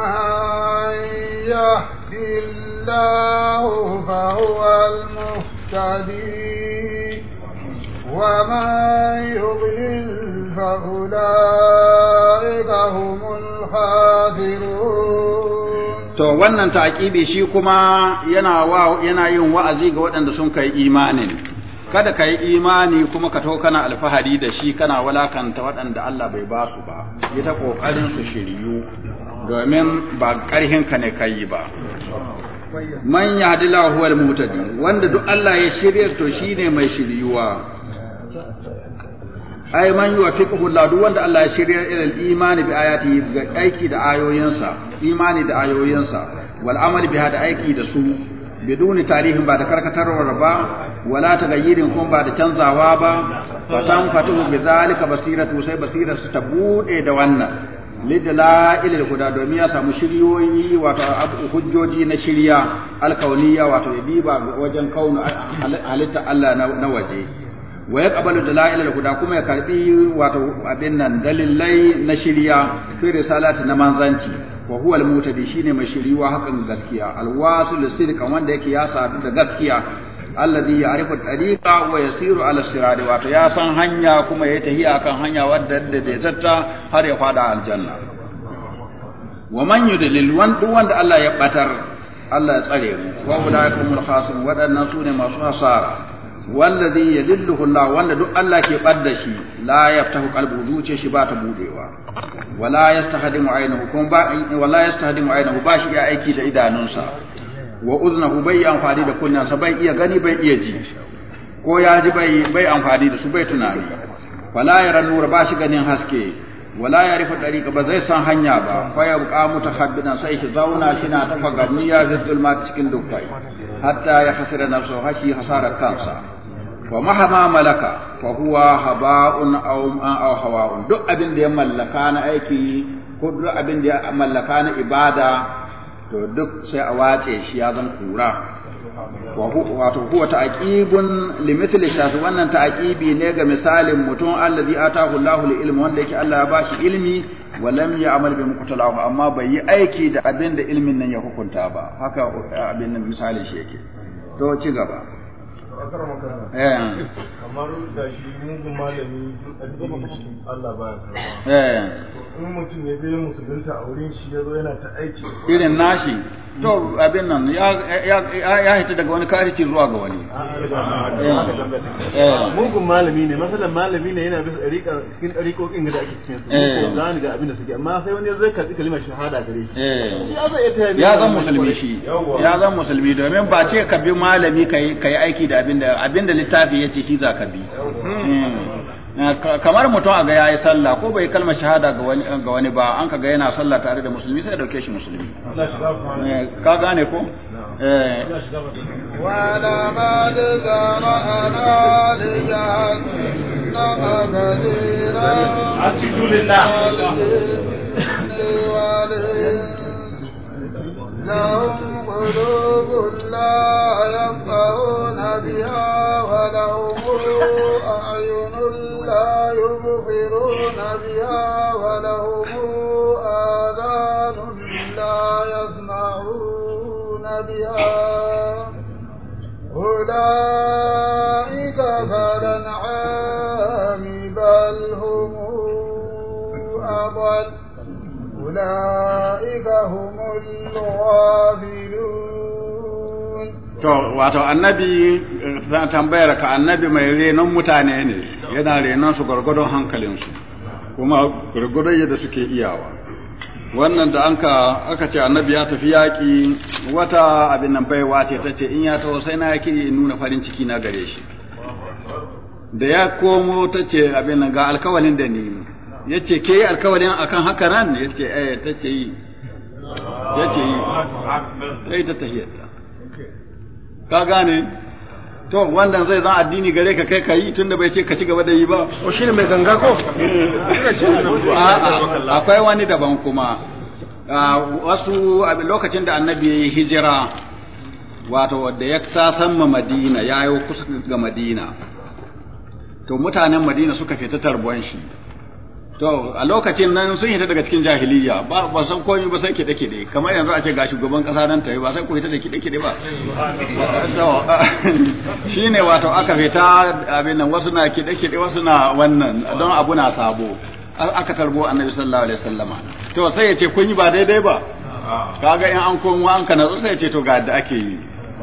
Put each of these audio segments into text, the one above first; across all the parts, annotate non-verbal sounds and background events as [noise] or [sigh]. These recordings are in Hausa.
من يهد الله فهو المهتدي ومن يضلل فأولئك هم to wannan ta'aqibi shi kuma yana yana yin wa'azi ga waɗanda sun kai imanin kada ka yi imani kuma ka to kana alfahari da shi kana walakanta waɗanda Allah bai ba su ba yi ta ƙoƙarin su shiryu domin ba ƙarhin ka ne kai ba Manya yahdillahu huwal muhtadi wanda duk Allah ya shirya to shi ne mai shiryuwa ai man yuwaffiquhu fi duk wanda Allah ya shirya ila imani bi ayati ga aiki da ayoyinsa imani da ayoyinsa wal amali biha da aiki da su biduni tarihin ba da karkatarwar ba wala gayyirin kun ba da canzawa ba fatan fatuhu bi zalika basiratu sai basira su ta bude da wannan lidala ilil guda domin ya samu shiryoyi wato hujjoji na shirya alkauniya wato ya diba wajen kaunu halitta Allah na waje wa ya qabalu dalailal guda kuma ya karbi wato abin nan dalilai na shirya fi risalati na manzanci wa huwa al-mutadi shine mai shiriwa hakan gaskiya al-wasil sidqan wanda yake ya sadu da gaskiya alladhi ya'rifu at-tariqa wa yasiru ala sirati wato ya san hanya kuma ya tafi akan hanya wadda daidaitatta har ya fada aljanna wa man yudlil wan duk wanda Allah ya batar Allah ya tsare mu wa ulaikumul khasirun wadannan sune masu hasara wallazi yadilluhu Allah wanda duk Allah ke badda shi la yaftahu qalbu zuciya shi ba ta budewa wala yastahdimu aynahu kuma ba wala yastahdimu aynahu ba shi ya aiki da idanunsa wa uznahu bai yi amfani da kunnansa bai iya gani bai iya ji ko ya ji bai bai amfani da su bai tunani wala ran nura ba shi ganin haske wala ya rufe dariƙa ba zai san hanya ba fa ya buƙa muta habbinan sai shi zauna shi na tafa gani ya zai zulma cikin dukkai hatta ya hasira so hashi hasarar kansa wa mahama malaka fa huwa haba'un aw aw hawa'un duk abin da ya mallaka na aiki ko duk abin da ya mallaka na ibada to duk sai a wace shi ya zan kura wato huwa ta'qibun li mithli shas wannan ta'qibi ne ga misalin mutum allazi atahu Allahu li ilmi wanda yake Allah ya bashi ilmi wa lam ya'mal bi muqtalahu amma bai yi aiki da abin da ilmin nan ya hukunta ba haka eh, abin nan misalin shi yake to ci gaba eh. Eh. kamar da shi mugun malami Allah ba ya in mutum ya je musulunta a wurin shi ya zo yana ta aiki irin nashi to abin nan ya hita daga wani karici zuwa ga wani eh. eh. mugun malami ne masalan malami ne yana bisa ɗariƙa cikin ɗariƙoƙin da ake cikin su eh. za ni ga abin da suke amma sai wani zai karɓi kalimar shahada gare shi ya zan musulmi shi ya zan musulmi domin ba ce ka bi malami ka yi aiki da abin da abin da littafi ya ce shi za ka bi Eh, kamar mutum a ga yayi sallah ko bai kalmar shahada ga wani eh, ga wani ba an kaga yana sallah tare da musulmi sai dauke shi musulmi eh, ka gane ko eh wala ma da zama ana da ya لهم na biya يفقهون بها ولهم أعين لا يبصرون بها ولهم آذان لا يسمعون بها أولئك كالأنعام بل هم أضل أولئك هم الغافلون. wato annabi zan tambayar ka annabi mai renon mutane ne yana renon su gargadon hankalinsu kuma gargadon yadda suke iyawa wannan da anka aka ce annabi ya tafi yaƙi wata abin nan baiwa ce ta ce in ya taho sai na yake nuna farin ciki na gare shi da ya komo ta ce abin nan ga alkawalin da ni ya ce ke yi alkawalin a kan haka ran ya ce eh ta ce yi ya ce yi yi ta tahiyarta ka gane to wannan zai zan addini gare ka kai kayi tunda bai ce ka ci gaba da yi ba o shine mai ganga ko akwai wani daban kuma ah, wasu lokacin da annabi ya yi hijira wato wadda ya sasan ma madina ya yi kusa ga madina to mutanen madina suka fita tarbuwan shi to a lokacin nan sun hita daga cikin jahiliya ba ba san komai ba sai kide kide kamar yanzu a ce ga shugaban kasa nan tayi ba sai ku hita da kide kide ba to [laughs] shine wato aka fita abin nan wasu na kide kide wasu na wannan don abu na sabo aka tarbo annabi sallallahu alaihi wasallama to sai ya ce kun yi ba daidai ba ah. kaga in an komo an kana sai ya ce to ga da ake yi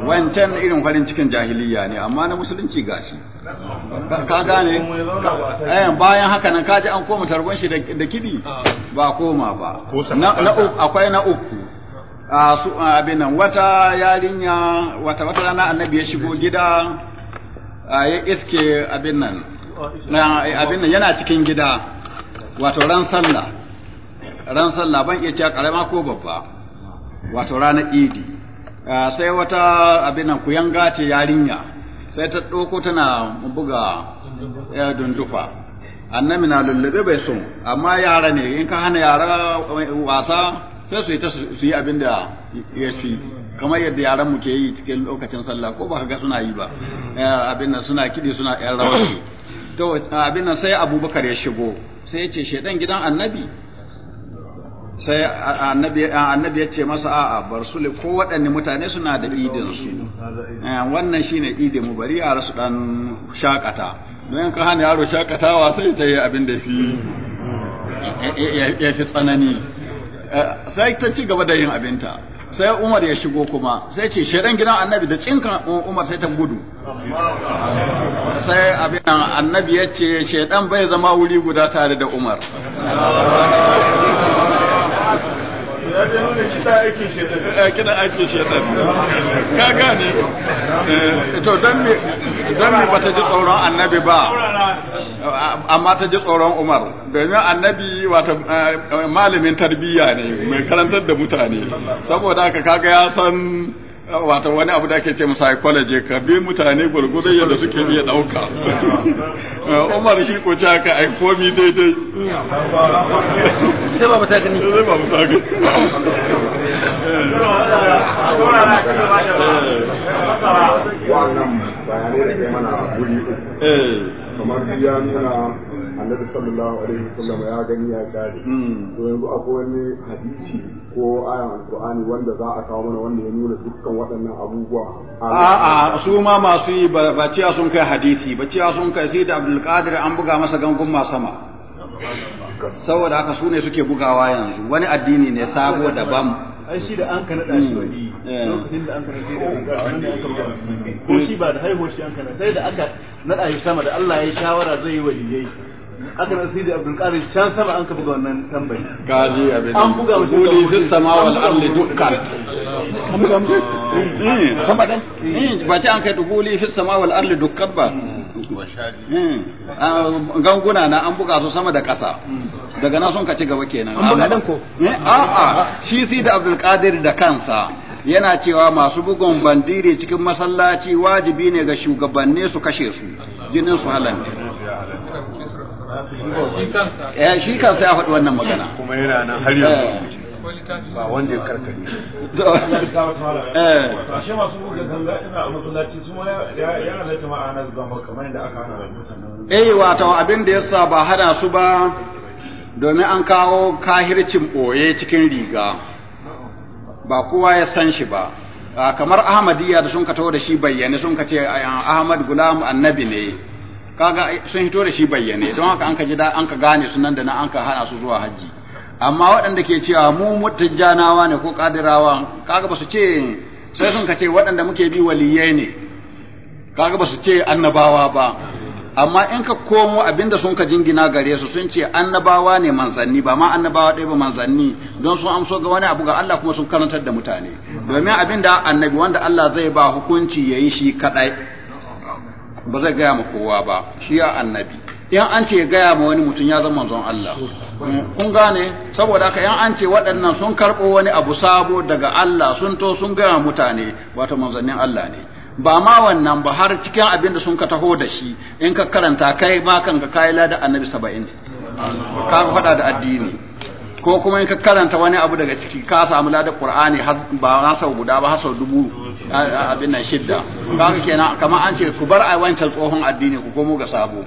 wancan irin farin cikin jahiliya ne amma na musulunci gashi ka gane eh, bayan haka nan kaji an koma targon shi da kidi ba koma ba akwai na uku abin nan wata yarinya wata wata rana annabi ya shigo gida ya iske abin nan abin nan yana cikin gida wato ran sallah ran sallah ban iya cewa karama ko babba wato ranar idi Ah, sai wata abin ku yanga ce yarinya sai ta ɗauko tana buga eh, dundufa annabi na lullube bai so amma yara ne in ka hana yara eh, wasa sai su yi ta su yi abin da ya shi kamar yadda yaran mu ke yi cikin lokacin sallah ko ba ka ga suna yi ba eh, abin nan suna kiɗi suna yan rawar to abin nan sai abubakar ya shigo sai ya ce shedan gidan annabi sai annabi ya ce masa a'a bar su ko waɗanne mutane suna da idin su eh, wannan shine idin mu bari yara su dan shakata don yanka hana yaro shakatawa sai ta yi abin da fi ya fi tsanani eh, sai ta ci gaba da yin abinta sai umar ya shigo kuma sai ce shaidan gidan annabi da tsinkan umar sai ta gudu sai abin annabi ya ce shaidan bai zama wuri guda tare da umar kiɗa aikin shaitan kiɗa aikin shaitan ka gane eh, to dan me dan me bata ji tsoron annabi ba amma ta ji tsoron Umar domin annabi wata eh, malamin tarbiyya ne mai karantar da mutane saboda haka kaga ya san wato wani abu da ake ce psychology ka bi mutane gurgurai yadda suke iya dauka eh, umar shi ko ta ka ai komi daidai sai ba ta gani sai ta gani eh. Eh. wannan bayanai mana kamar biya annabi sallallahu alaihi wasallam ya gani ya kare to yanzu akwai wani hadisi ko ayan alqur'ani wanda za a kawo mana wanda ya nuna dukkan waɗannan abubuwa a'a su ma masu yi ba sun kai hadisi ba a sun kai sai da abdul qadir an buga masa gangun ma sama saboda haka su ne suke bugawa yanzu wani addini ne sabo daban ai shi da an kana da shi wani hmm, eh. lokacin da an kana shi da an kana ko shi ba da haihuwar shi an kana sai da aka nada shi sama da Allah ya shawara zai yi wajiyai. aka nan sai da abdul qadir can sama an ka buga wannan tambayi kaji abin an buga shi kuli fi sama wal ardi dukkan an buga mushi eh, eh sama dan eh, ba ta an kai dukuli fi sama wal ardi dukkan ba eh, ganguna na an buga su sama da ƙasa daga nan sun ka ci gaba kenan an buga dan ko a'a shi sai da abdul qadir da kansa yana cewa masu bugun bandire cikin masallaci wajibi ne ga shugabanni su kashe su jinin su halal eh shi kansa ya faɗi wannan magana kuma yana nan har yanzu eh. ba wanda ya karkare eh shi masu buga ganga ina a masallaci su ya ya halatta ma'ana zamba kamar yadda aka hana mutanen eh wato abin da yasa ba hana su ba domin an kawo kahircin boye cikin riga ba kowa ya san shi ba ah, kamar ahmadiyya da sun ka taho da shi bayyane sun ka ce ahmad gulam annabi ne kaga sun hito da shi bayyane don haka an ka ji da an ka gane sunan da na an ka hana su zuwa hajji amma waɗanda ke cewa mu mutajjanawa ne ko kadirawa kaga basu ce sai sun ka ce waɗanda muke bi waliyai ne kaga basu ce annabawa ba amma in ka komo abinda sun ka jingina gare su sun ce annabawa ne manzanni ba ma annabawa ɗaya ba manzanni don sun amso ga wani abu ga Allah kuma sun karantar da mutane domin abinda annabi wanda Allah zai ba hukunci yayi shi kadai ba zai gaya ma kowa ba shi ya annabi yan an ce gaya ma wani mutum ya zama manzon Allah kun gane saboda haka yan an ce waɗannan sun karɓo wani abu sabo daga Allah sun to sun gaya mutane wato manzannin Allah ne ba ma wannan ba har cikin abin da sun ka taho da shi in ka karanta kai ma kanka kai lada annabi saba'in. ka faɗa da addini ko kuma in ka karanta wani abu daga ciki ka samu ladar qur'ani ba na sau guda ba har sau dubu abin nan shidda kaga kenan kamar an ce ku bar a wancan tsohon addini ku komo ga sabo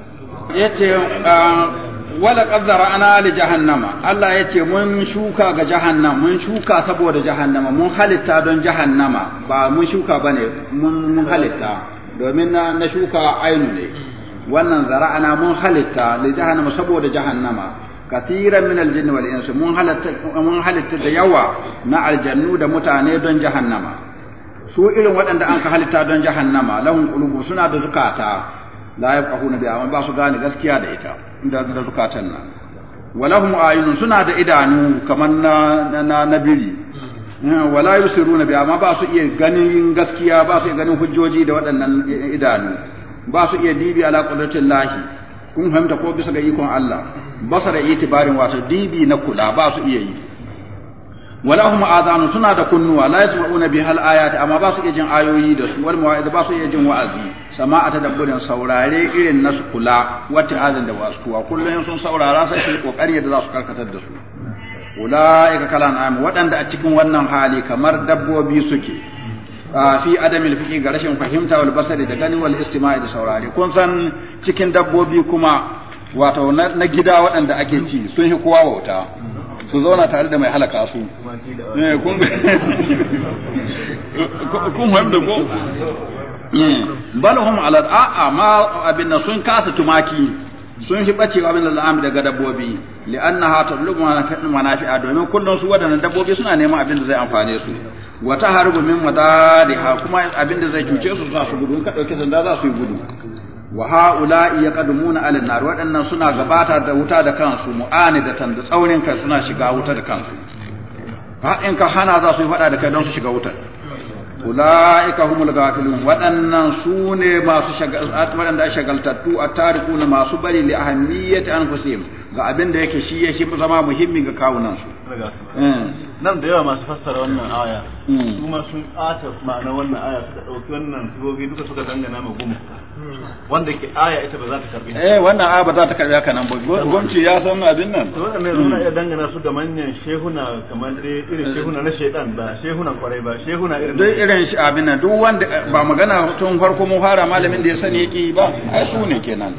yace ah, wala qaddara ana li jahannama Allah yace mun shuka ga jahannama mun shuka saboda jahannama mun halitta don jahannama ba mun shuka bane mun halitta domin na na shuka ainu ne wannan zara'ana mun halitta li jahannama saboda jahannama kathiran min aljin wal ins mun halatta mun halitta da yawa na aljannu da mutane don jahannama su irin waɗanda an ka halitta don jahannama lahum qulubu suna da zukata la yafqahuna biha amma ba su gane gaskiya da ita inda da zukatan nan walahum ayunun suna da idanu kaman na na nabiri hmm, wala yusiruna biha amma ba su iya ganin gaskiya ba su iya ganin hujjoji da waɗannan idanu ba su iya dibi ala qudratillahi kun fahimta ko bisa ga ikon Allah basara itibarin wato dibi na kula ba su iya yi walahum azanu suna da kunnuwa la yasma'una hal ayati amma ba su iya jin ayoyi da su wal mawa'id ba su iya jin wa'azi sama'a ta dabbun saurare irin su kula wata azan da wasu kuwa kullun sun saurara sai su kokari da za su karkatar da su ulaika kalan am waɗanda a cikin wannan hali kamar dabbobi suke fi adamil fiqi ga rashin fahimta wal basari da gani wal istima'i da saurare kun san cikin dabbobi kuma wato na gida waɗanda ake ci sun yi kowa wauta su zauna tare da mai halaka su eh, [laughs] kun fahimta ko eh, bal hum ala a'a ma abinda sun kasa tumaki sun fi bacewa min al'am daga dabbobi li'annaha tadlubu manafi'a domin kullun su wadannan dabbobi suna neman abin da zai amfane su wata harbu min ha kuma abinda zai cuce su za su gudu ka dauke sanda za su yi gudu wa haula'i yaqdumuna ala nar wadannan suna gabata da wuta da kansu mu'ani da tsaurin kai suna shiga wuta da kansu fa in ka hana za su yi fada da kai don su shiga wuta ula'ika humul gafilun waɗannan su ne masu shagaltattu a ne masu bari li ahammiyati anfusihim ga abin da yake shi yake zama muhimmi ga kawunan su eh. nan da yawa masu fassara wannan aya hmm. su masu ata ma'ana wannan aya suka dauki wannan sigogi duka suka dangana ma gumu wanda ke aya ita ba za ta karbi eh wannan aya ba za ta karbi haka nan ba gwamnati ya san abin nan to wannan suna hmm. iya dangana su ga manyan shehuna kamar dai irin eh. shehuna na shedan ba shehuna kwarai ba shehuna irin duk irin shi abin nan duk wanda ba magana tun farko mun fara malamin da ya sani yake ba ai su ne kenan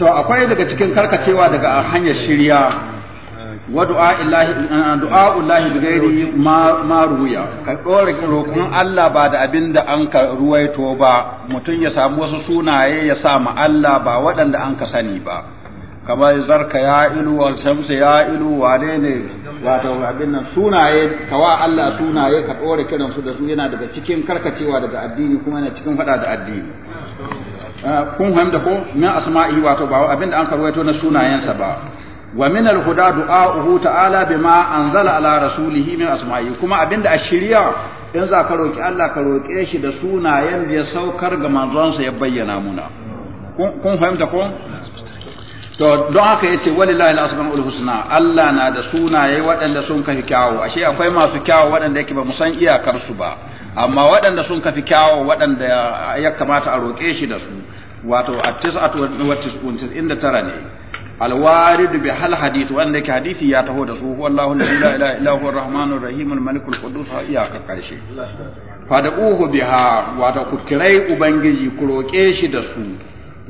To akwai daga cikin karkacewa daga hanyar shirya wa eh, du'a'ullahi bi bighairi ma ruya ka dora roƙon Allah ba da abinda an ka ruwaito ba mutum ya samu wasu sunaye ya sa ma Allah ba waɗanda an ka sani ba kamar zarka ya ilu wa shamsu ya ilu wane ne wato abin nan sunaye kawa Allah sunaye ka dore kiran su da su yana daga cikin karkacewa daga addini kuma yana cikin fada da addini ah, kun fahimta ko min asma'i wato ba abin da an karwaito na sunayensa ba wa min alhuda huda du'a'uhu ta'ala bima anzala ala rasulihi min asma'i kuma abinda a shirya in za ka roki Allah ka roke shi da sunayen da ya saukar ga manzonsa ya bayyana muna kun fahimta ko to don haka yace walillahi al-asmaul husna Allah na da sunaye waɗanda sun kafi kyawu ashe akwai masu kyawu waɗanda yake ba mu san iyakar su ba amma waɗanda sun kafi kyawu waɗanda ya kamata a roƙe shi da su wato at-tis'atu wa tis'un tara ne al-warid bi hal hadith wanda yake hadisi ya taho da su wallahu la ilaha illa huwa ar rahim al-malikul qudus iyakar karshe biha wato ku ubangiji ku roƙe shi da su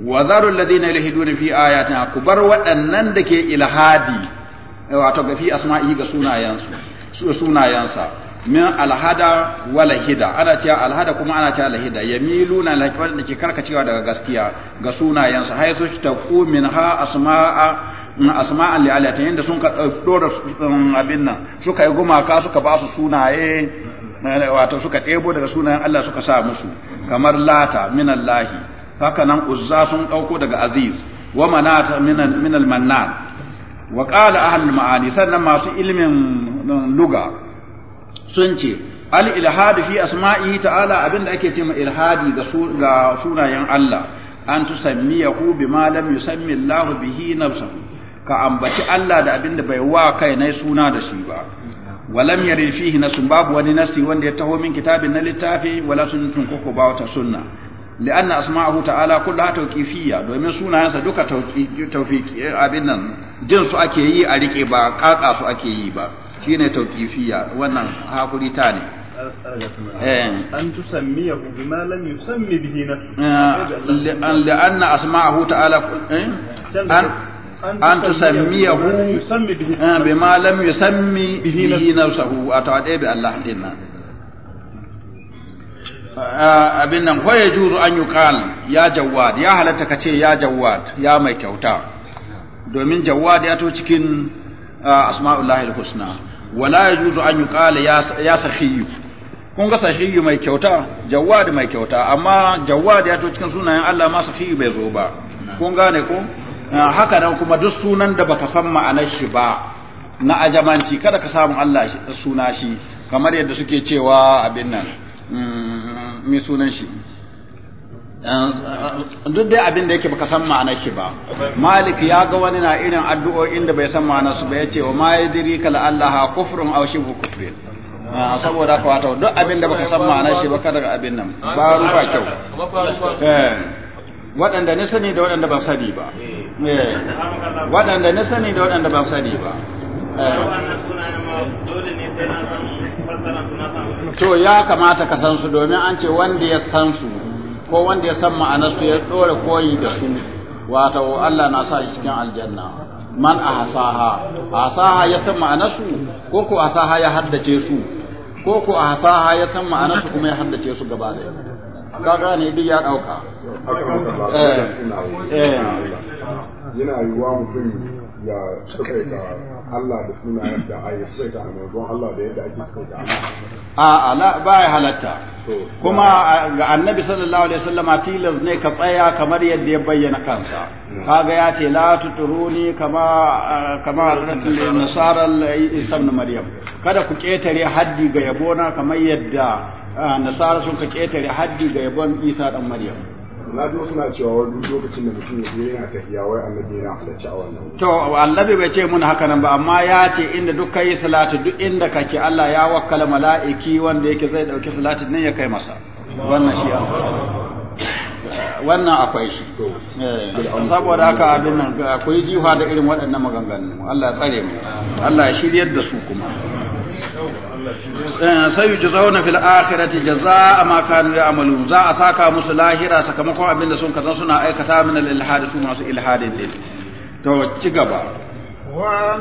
wa zaru alladhina yulhiduna fi ayatina ku bar waɗannan da ke ilhadi wato ga fi asma'i ga sunayensu su sunayensa min alhada wala hida ana cewa alhada kuma ana cewa alhida yamiluna alhaqiqatan da ke karkacewa daga gaskiya ga sunayensa hay su taqu ha asma'a asma'a li alata yanda sun ka dora um, abin nan suka yi gumaka suka ba su sunaye wato suka ɗebo daga sunayen Allah suka sa musu kamar lata minallahi haka nan uzza sun ɗauko daga aziz wa manat min al mannan wa qala ahlul ma'ani sannan masu ilmin mm, luga sun ce al ilhadu fi asma'ihi ta'ala abinda ake ce ma ilhadi ga sunayen Allah an tusammiyahu bima lam yusammi Allah bihi nafsahu ka ambaci Allah da abinda bai wa kai nai suna da shi ba walam yarin fihi nasun babu wani nasi wanda ya taho min kitabin na littafi wala sunnatun koko ba wata sunna لأن أسماءه تعالى كلها توقيفية domin sunayensa duka tawfiki abin nan jin su ake yi a rike ba kaka su ake yi ba shine tawqifiya wannan hakuri ta ne an tusammiyahu bima lam yusammi bihi nafsuhu li'anna asma'ahu ta'ala an tusammiyahu bima lam yusammi bihi nafsuhu a bi Allah Ah, abin nan ko ya juzu an yuqal ya jawad ya halatta ka ce ya jawad ya mai kyauta domin jawad ya to cikin ah, asma'ullahi husna wala yajuzu an yi ya ya sakhiyyu kun ga sakhiyyu mai kyauta jawad mai kyauta amma jawad ya to cikin sunayen Allah ma sakhiyyu bai zo ba kun gane ko ah, haka nan kuma duk sunan da baka san ma'anar shi ba na ajamanci kada ka samu Allah suna shi kamar yadda suke cewa abin nan mai mm, sunan shi eh, duk dai abin da yake baka san ma'ana shi ba malik ya ga wani na irin addu'o'in da bai san ma'ana su ba yace wa ma yadri kal Allah kufrun aw shibu kufrin ah, saboda ka wato duk abin da baka san ma'ana shi ba kada abin nan ba ruwa kyau eh, waɗanda na sani da waɗanda ban sani ba eh, waɗanda na sani da waɗanda ban sani ba to ya kamata ka san su domin an ce wanda ya san su ko wanda ya san ma'anar su ya dore koyi da su wato Allah na sa shi cikin aljanna man ahsaha ahsaha ya san ma'anar su ko ko ahsaha ya haddace su ko ko ahsaha ya san ma'anar su kuma ya haddace su gaba da ka gane duk ya dauka eh eh yana yiwuwa mutum ya tsawaita Allah da suna yadda a ya tsawaita a manzon Allah da yadda ake tsawaita a a ba ya halatta kuma ga annabi sallallahu alaihi wasallam tilas ne ka tsaya kamar yadda ya bayyana kansa kaga ya ce la tuturuni kama kama nasara isa ibn maryam kada ku ketare haddi ga yabona kamar yadda nasara sun ka ketare haddi ga yabon isa dan maryam na ji suna cewa wani lokacin da mutum ya yana tafiya wai annabi yana halarci a wannan to annabi bai ce mun haka nan ba amma ya ce inda duk kai salatu duk inda kake Allah ya wakkala mala'iki wanda yake zai dauki salatin nan ya kai masa wannan shi ya wannan akwai shi eh, saboda haka abin nan akwai jiwa da irin waɗannan maganganu Allah ya tsare mu Allah ya shiryar da su kuma Eh, sai yujzauna fil akhirati jazaa ma kanu amalu za a saka musu lahira sakamakon abin da sun kazan suna aikata min al su masu ilhadin din to ci gaba wa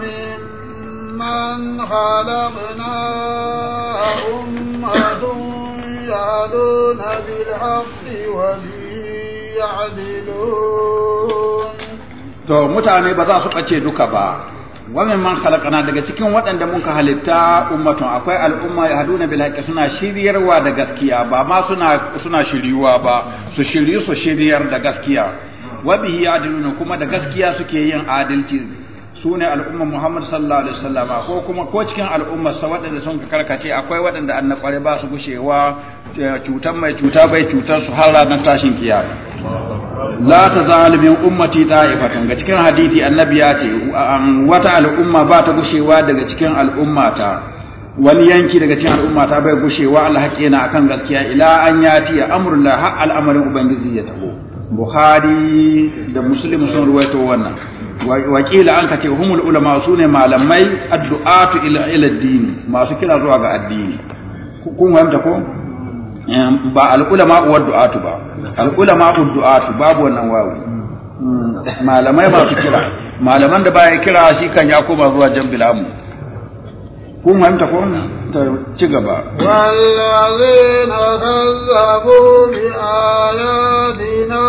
man khalaqna ummatun ya'duna bil haqqi wa ya'dilun to mutane ba za su kace duka ba wa mimman khalaqana daga cikin waɗanda muka halitta ummatun akwai al'umma haduna bil haqqi suna shiriyarwa da gaskiya ba ma suna suna shiryuwa ba su shiryu su shiryar da gaskiya wa bihi adiluna kuma da gaskiya suke yin adalci su ne al'ummar Muhammad sallallahu alaihi wasallam ko kuma ko cikin al'ummar sa waɗanda sun ka karkace akwai waɗanda an na kware ba su gushewa eh, cutan mai cuta bai cutar su har ranar tashin kiyama la tazal min ummati ta'ifatan ga cikin hadisi annabi ya ce wata al'umma ba ta gushewa daga cikin al'ummata wani yanki daga cikin al'ummata bai gushewa Allah haƙena akan gaskiya ila an ya yati amurla har al'amarin ubangiji ya tabo Buhari da Muslim sun ruwaito wannan wakila an ka ce humul ulama su ne malamai addu'atu ila ila dini masu kira zuwa ga addini kun fahimta ko ba al'ulama uwar du'atu ba al'ulama uwar du'atu babu wannan wawu hmm, malamai masu kira malaman da baya kira shi kan ya koma zuwa jan bilamu kun fahimta ko ta ci gaba wallazina kazzabu bi ayatina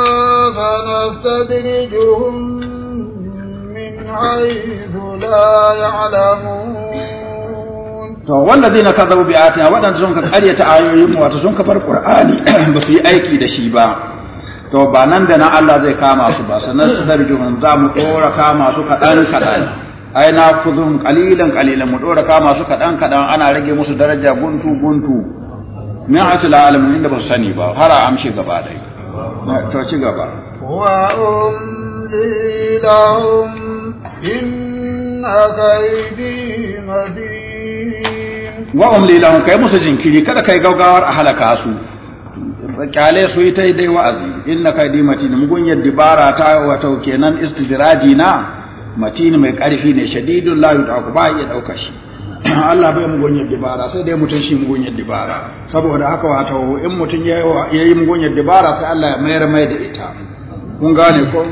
حيث لا يعلمون to wallazina kazzabu bi ayatina wadan sun ka karyata ayoyin mu wato sun ka bar qur'ani [clears throat] ba su yi aiki da shi ba to ba nan da nan Allah zai kama su ba sanan su darjuhum za mu dora kama su kadan kadan ai na kuzum qalilan qalilan mu dora kama su kadan kadan ana rage musu daraja guntu guntu mi'atul alamin inda ba su sani ba har a amshe gaba dai to ci gaba wa um لهم inna kaidi wa umli lahum kai musu jinkiri kada kai gaugawar a halaka su kyale su yi ta dai wa'azi inna kaidi matin mugun yadda bara ta wato kenan istidraji na matin mai karfi ne shadidul da ku ba ya dauka shi [clears throat] Allah bai mugunyar dibara sai dai mutum shi mugunyar dibara saboda haka wata in mutum ya yi mugunyar dibara sai Allah ya mayar mai da ita kun gane ko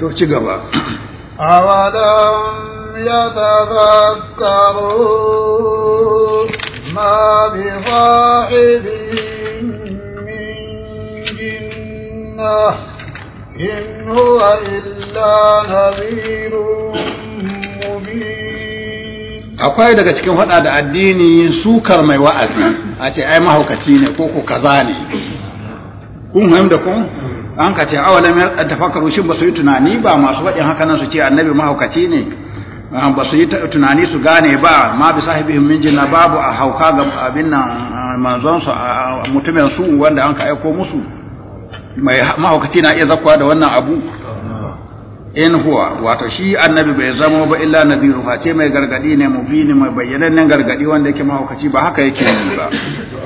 to ci gaba [clears throat] أولم يتفكروا ما بصاحب من جنة إن هو إلا نذير akwai daga cikin hada da addini yin sukar mai wa'azi a ce ai mahaukaci ne ko ku kaza ne kun fahimta kun an ka ce awalam tafakkaru shin ba su yi tunani ba masu faɗin haka nan su ce annabi mahaukaci ne ah, ba su yi tunani su gane ba ma bi sahibihim min jinna babu a hauka ga abin nan ah, manzon su ah, mutumin su wanda an ka aiko musu mai mahaukaci na iya zakwa da wannan abu in huwa wato shi annabi bai zama ba illa nadiru ba ce mai gargadi ne mubini mai bayyanannen gargadi wanda yake mahaukaci ba haka yake yi ba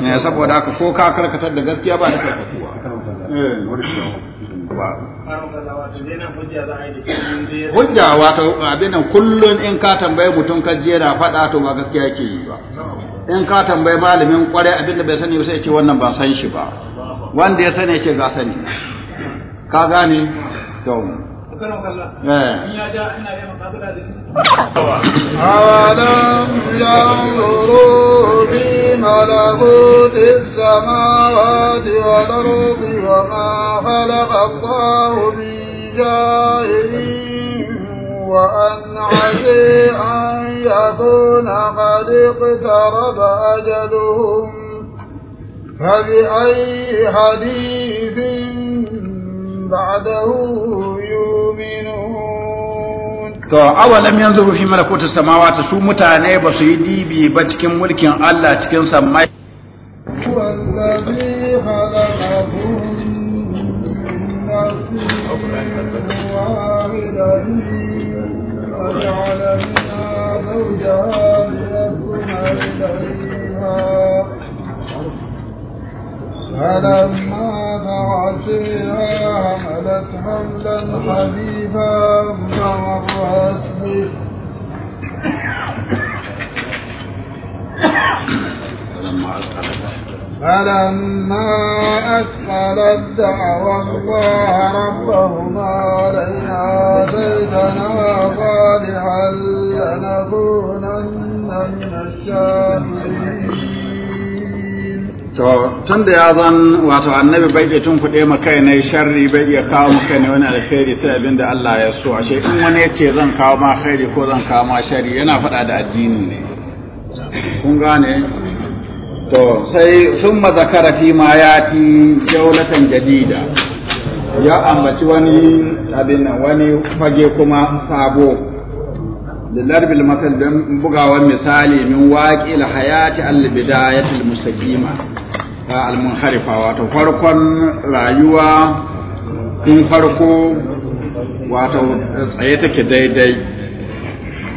eh, saboda haka ko ka karkatar da gaskiya ba da karkatuwa hujja wato abin nan kullun in ka tambaye mutum ka jera faɗa to ba gaskiya yake yi ba in ka tambaye malamin kware abin da bai sani ba sai ce wannan ba san shi ba wanda ya sani ce ga sani ka gane to أولم ينظروا في ملكوت السماوات والأرض وما خلق الله من جاهل وأن عسي أن يكون قد اقترب أجلهم فبأي حديث بعده يؤمنون تو awalam yanzuru fi malakutis samawati su mutane ba su yi dibi ba cikin mulkin Allah cikin samai wallazi وجعل منها زوجها ليسكن إليها فلما فعتيها حملت حملا حبيبا مرت به فلما أثقلت دعوى الله ربهما علينا آتيتنا صالحا لنكونن من الشاكرين to tun da ya zan wato annabi bai iya tun kuɗe makai ne sharri bai iya kawo makai ne wani alkhairi sai abin da Allah ya so a in wani ya ce zan kawo ma khairi ko zan kawo ma sharri yana faɗa da addini ne kun gane to sai sun mazakara fi ma ya ti jaulatan jadida ya ambaci wani abin nan wani fage kuma sabo لضرب المثل بمبغاوان مثالي من واقع الحياة البداية المستقيمة al-munharifa wato farkon rayuwa in farko wato tsaye take daidai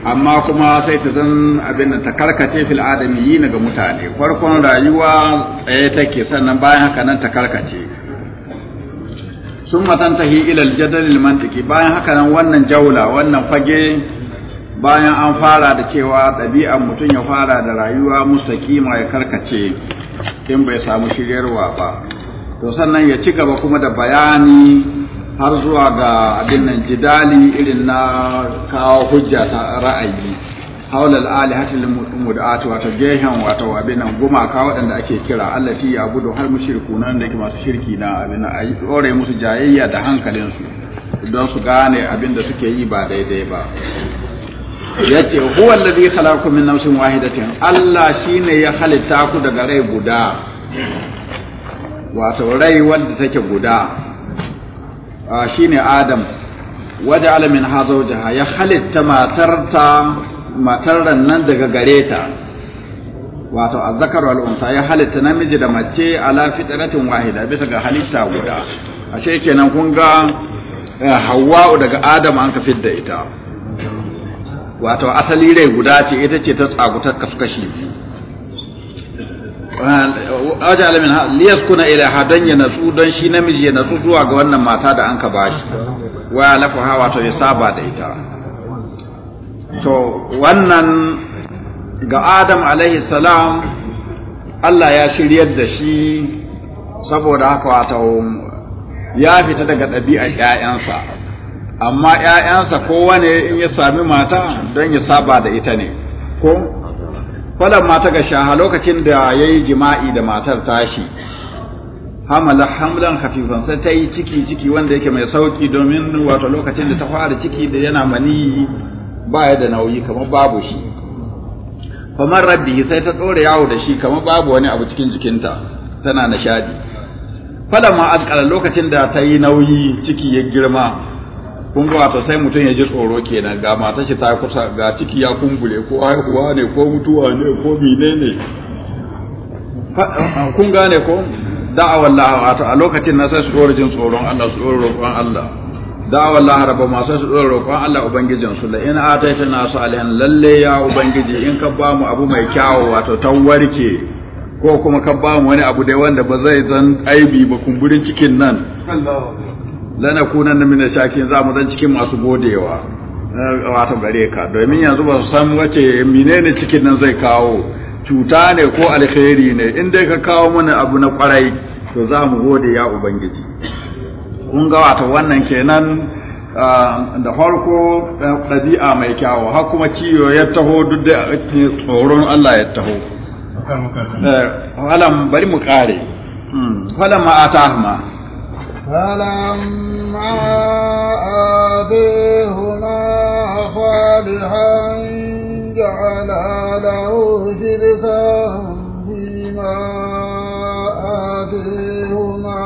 amma kuma sai ta zan abin da ta karkace fil adami yi ga mutane farkon rayuwa tsaye take sannan bayan haka nan ta karkace sun matanta matantahi ilal jadalil mantiki bayan haka nan wannan jaula wannan fage bayan an fara da cewa ɗabi'ar mutum ya fara da rayuwa mustaƙima ya karkace in bai samu shiryarwa ba to sannan ya ci gaba kuma da bayani har zuwa ga abin nan jidali irin na kawo hujja ta ra'ayi haulal alihatil mud'at wato gehen wato abin nan gumaka waɗanda ake kira ya gudu har mushriku nan da yake masu shirki na abin nan ayi dore musu jayayya da hankalinsu don su gane abin da suke yi ba daidai ba yace huwa alladhi khalaqakum min nafsin wahidatin Allah shine ya halitta ku daga rai guda wato rai wanda take guda ah, shine Adam alamin min hazawjaha ya halitta matarta matar nan daga gare wato azzakar wal unsa ya halitta namiji da mace ala fitratin wahida bisa ga halitta guda ashe kenan kun ga eh, Hawwa daga Adam an ka fidda ita wato asali rai guda ce ita ce ta tsagutar kasu kashi biyu wajen alamin liyas kuna ila don ya natsu don shi namiji ya natsu zuwa ga wannan mata da an ka bashi wa lafa hawa to ya saba da ita to wannan ga adam alaihi salam Allah ya shiryar da shi saboda haka wato ya fita daga ɗabi'ar 'ya'yansa amma ‘ya'yansa kowane in ya sami mata don ya saba da ita ne ko falon mata ga shaha lokacin da ya yi jima'i da matar tashi hamala hamlan hafifan sai ta yi ciki ciki wanda yake mai sauki domin wato lokacin da ta fara ciki da yana mani baya da nauyi kamar babu shi Kamar rabbi sai ta ɗora yawo da shi kamar babu wani abu cikin jikinta tana nishadi falon ma lokacin da ta yi nauyi ciki ya girma kun ga wato sai mutum ya ji tsoro kenan ga mata shi ta kusa ga ciki ya kumbule ko haihuwa ne ko mutuwa ne ko menene kun gane ko da'awar wallahi a lokacin na sai su tsoro jin tsoron Allah su tsoro roƙon Allah da'awar wallahi rabba ma sai su tsoro roƙon Allah ubangijin su la in ataita na salihan lalle ya ubangiji in ka ba mu abu mai kyawu wato tawarke ko kuma ka ba mu wani abu dai wanda ba zai zan aibi ba kumburin cikin nan lana na na shakin za mu zan cikin masu godewa eh, wata gare ka domin yanzu ba su san wace menene cikin nan zai kawo cuta ne ko alkhairi ne in dai ka kawo mana abu na kwarai to za mu gode ya ubangiji kun ga wata wannan kenan eh, da farko eh, ɗabi'a mai kyawo har kuma ciwo ya taho duk da tsoron Allah ya taho bari mu kare ma'ata hmm, ma فلما آتيهما صالحا جعلا له شركا فيما آتيهما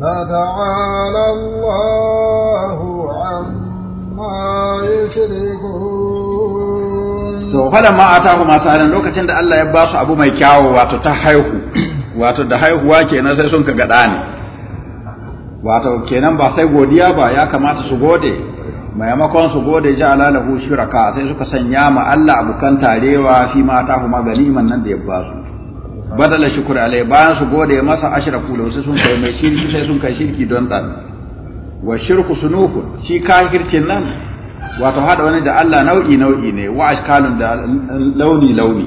فتعالى الله عما يشركون to ma falamma masu halin lokacin da Allah ya ba su abu mai kyawu wato ta haihu wato da haihuwa kenan sai sun ka gada ne wato kenan ba sai godiya ba ya kamata su gode maimakon su gode ja alalahu shiraka sai suka sanya ma Allah abukan tarewa fi ta kuma ganiman nan da ya ba su badala shukuri alai bayan su gode masa ashraku da sai sun kai mai shirki sai sun kai shirki don dan wa shirku sunuku shi kafircin nan wato hada wani da Allah nau'i nau'i ne wa ashkalun da launi launi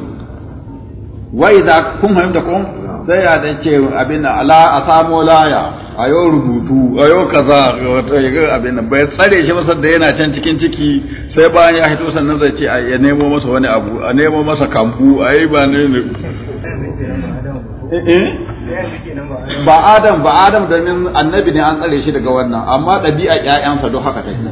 wa idza kun fahimta kun sai ya da ce abin ala a samo laya a yau rubutu a yau kaza ya ga abin bai tsare shi masa da yana can cikin ciki sai bayan ya hito sannan zai ce ya nemo masa wani abu a nemo masa kambu a yi ba ne ne eh, eh? ba adam ba adam domin annabi ne an tsare shi daga wannan amma ɗabi'a ƴaƴansa don haka take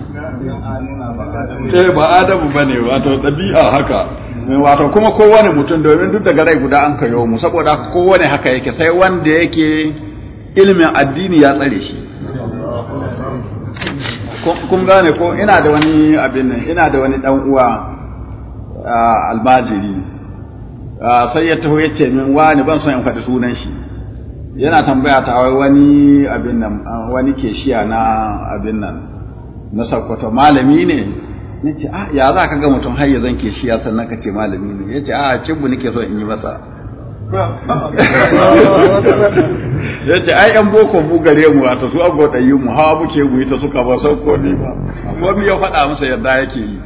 eh, ba adam ba ne wato ɗabi'a haka Eh, wato kuma kowane mutum domin duk daga rai guda an kayo mu saboda kowane haka yake sai wanda yake ilimin addini ya tsare shi kun gane ko ina da wani abin nan ina da wani dan uwa albajiri sai ya taho ya ce min wani ban son in faɗi sunan shi yana tambaya ta wai wani abin nan wani shiya na abin nan na sakkwato malami ne ya ce a ah, ya za ka ga mutum har ya zanke shi ya sannan ka ce malami ne ya ce a ah, cibbu nake so in yi masa [laughs] ya ce ai yan boko mu gare mu wato su agodayi mu hawa muke mu ita suka ba sauko ne ba wani ya faɗa masa yadda yake yi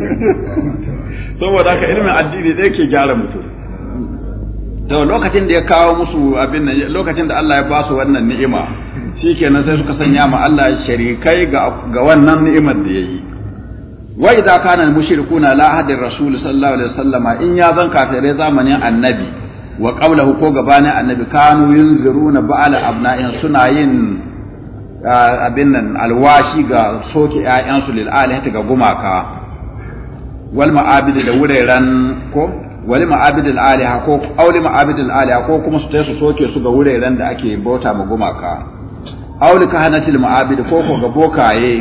[laughs] saboda haka ilimin addini ɗaya ke gyara mutum to lokacin da ya kawo musu abin nan lokacin da Allah ya ba su wannan ni'ima shikenan sai suka sanya ma Allah sharikai ga ga wannan ni'imar da ya yayi wa idza kana mushrikuna la ahadi rasul sallallahu alaihi wasallama in ya zan kafirai zamanin annabi wa qawluhu ko gabanin annabi kanu yunziruna ba'al abna'in suna yin abin nan alwashi ga soke ƴaƴansu lil alihati ga gumaka wal ma'abid da wuraren ko wal ma'abid al aliha ko ma'abid al aliha ko kuma su tayi su soke su ga wuraren da ake bauta ma gumaka auli kahanatil ma'abid ko ko ga bokaye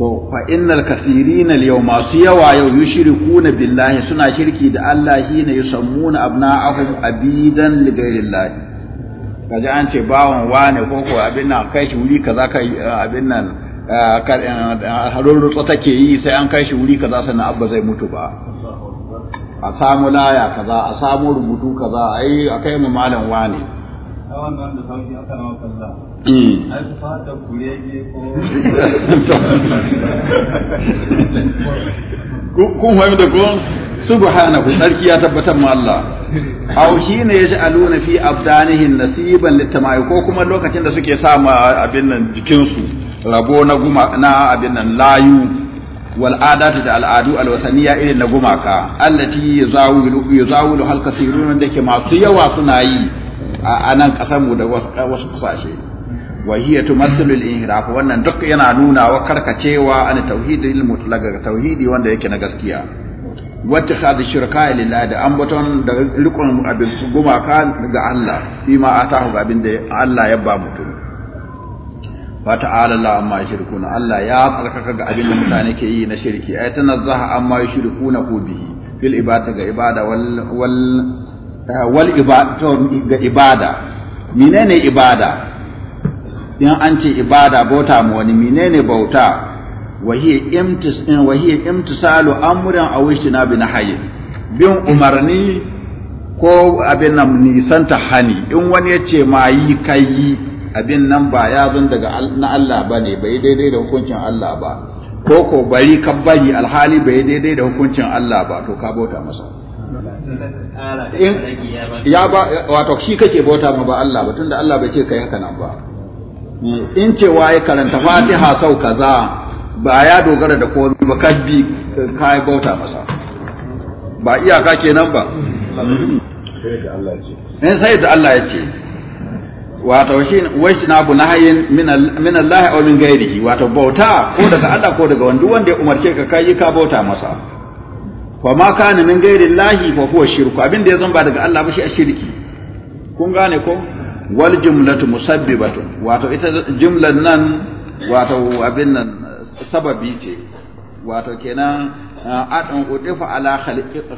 to fa innal kathirin al masu yawa yau yushrikuna billahi suna shirki da Allah ne yusammuna abna'ahum abidan li ghairillahi kaji an ce bawon wane ko ko abin nan kai shi wuri kaza kai eh, abin nan eh, eh, harurrutsa take yi sai an kai shi wuri kaza sannan abba zai mutu ba a samu laya kaza a samu rubutu kaza a yi a kai mu malam wane Mm. kun fahimta da kun subhanahu sarki ya tabbatar ma Allah aw shine yaj'aluna fi abdanihin nasiban litamai ko kuma lokacin da suke sama abin nan jikin su rabo na guma na abin nan layu wal adatu da al'adu al wasaniya irin na gumaka allati yazawu yazawu hal kasirun da ke masu yawa suna yi a nan kasar mu da wasu kasashe wa hiya inhiraf wannan duk yana nuna wa karkacewa an tauhidil mutlaq tauhidi wanda yake na gaskiya wata khadu shirka lillahi da ambaton da rikon abin gumaka ga Allah shi ma atahu ga abin da Allah ya ba mutum wa ta'ala Allah amma na Allah ya tsarkaka ga abin da mutane ke yi na shirki ay tanazzaha amma yushrikuna ku bihi fil ibada ga ibada wal Eh, wal ga ibada menene ibada in an ce ibada bauta mu wani menene bauta wahiya imtis in eh, wahiya imtisalu amrin na ijtinabi bin umarni ko abin nan nisan ta hani in wani ya ce ma yi kai yi abin nan ba ya zun daga na Allah ba ne bai daidai da hukuncin Allah ba ko ko bari bari alhali bai daidai da hukuncin Allah ba to ka bauta masa ya ba wato shi kake bauta ma ba Allah ba tunda Allah bai ce kai haka nan ba in cewa ya karanta Fatiha sau kaza ba ya dogara da komai ba ka bi ka bauta masa ba iyaka kenan ba in eh, sai da Allah ya ce wato shi wasu na bu nahayin min Allah aw min ghairihi wato bauta ko daga Allah ko daga wanda wanda ya umarce ka kai ka bauta masa fa ma kana min ghairi llahi fa huwa shirku abin da ya zamba daga Allah ba shi a shirki kun gane ko wal jumlatu musabbibatu wato ita jumlan nan wato abin nan sababi ce wato kenan adan udifa ala khalqiko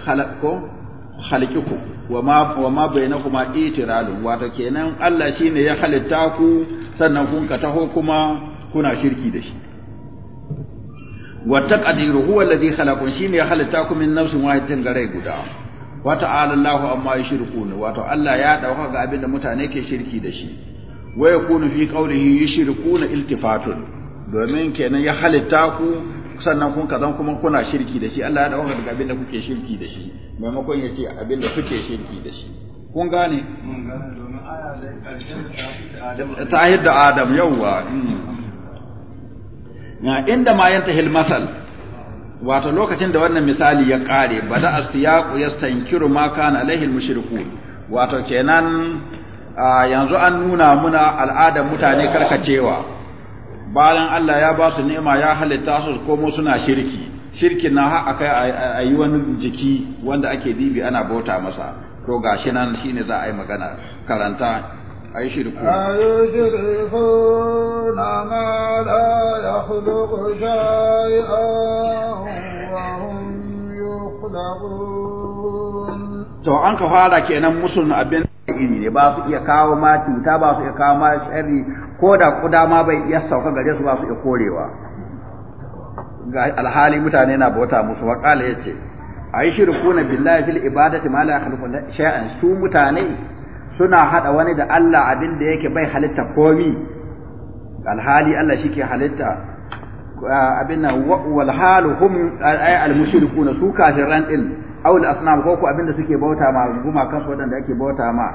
khalqiku wa ma wa ma bainakuma itiralu wato kenan Allah shine ya halitta ku sannan kun ka taho kuma kuna shirki da shi wa taqdiru huwa alladhi khalaqakum shine ya halitta ku min nafsin wahidatin gare guda Wata ta'ala Allahu amma yushrikun wato Allah ya dauka ga abin da mutane ke shirki da shi wa yakunu fi qawlihi yushrikuna iltifatun domin kenan ya halitta ku sannan kun kazan kuma kuna shirki da shi Allah ya dauka ga abin da kuke shirki da shi maimakon ya ce abin da kuke shirki da shi kun gane mun gane domin aya da karshen ta da Adam yawwa hmm. Na inda ma yantahil masal wato lokacin da wannan misali ya kare bada asiyaqu yastankiru ma kana alaihi almushrikun wato kenan yanzu an nuna muna al'adar mutane karkacewa bayan Allah ya ba su ni'ima ya halitta su komo suna shirki shirkin na har akai ayi wani jiki wanda ake dibi ana bauta masa to gashi nan shine za a yi magana karanta أيشركون أيشركون ما لا يخلق شيئا وهم يخلقون to an ka fara kenan musu abin iri ne ba su iya kawo ma cuta ba su iya kawo ma shari ko da kuda ma bai iya sauka gare su ba su iya korewa ga alhali mutane na bauta musu ya ce, a ayi shirku na billahi fil ibadati ma la yakhluqu shay'an su mutane suna haɗa wani da Allah abin da yake bai halitta komi alhali Allah shi ke halitta uh, abin nan walhalu hum ay al mushrikuna su kafiran din aw al asnam ko ku abin da suke bauta ma guma kansu wadanda ake bauta ma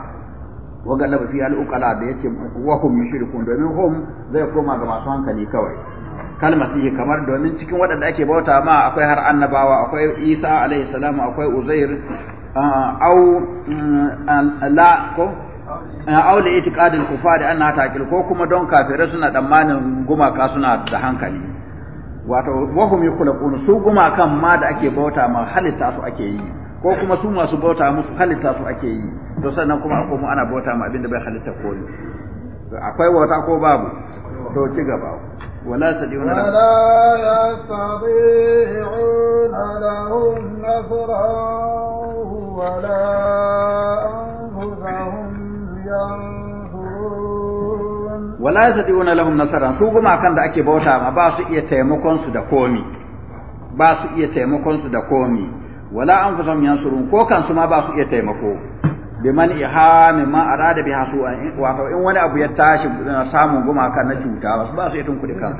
wa galaba fi al uqala da yace wa hum mushrikun domin hum zai koma ga masu hankali kawai kalmar sihi kamar domin cikin waɗanda ake bauta ma akwai har annabawa akwai isa alaihi salamu akwai uzair au la ko au li itiqadil kufari anna taqil ko kuma don kafirai suna tsammanin gumaka suna da hankali wato wahum yukhlaqun su gumakan ma da ake bauta ma halitta su ake yi ko kuma su masu bauta musu halitta su ake yi to sannan kuma akwai mu ana bauta ma abinda bai halitta ko akwai wata ko babu to ci gaba ولا يستطيعون لهم ولا يستطيعون لهم نصرا ولا أنفسهم ينصرون ولا يستطيعون لهم نصرا su gumakan da ake bauta ma ba su iya taimakon su da komi ba su iya taimakon su da komi wala ko kansu ma ba su iya taimako biman ihami ma arada biha su wato in wani abu ya tashi samun kan na cuta ba su ba su itun kudi kan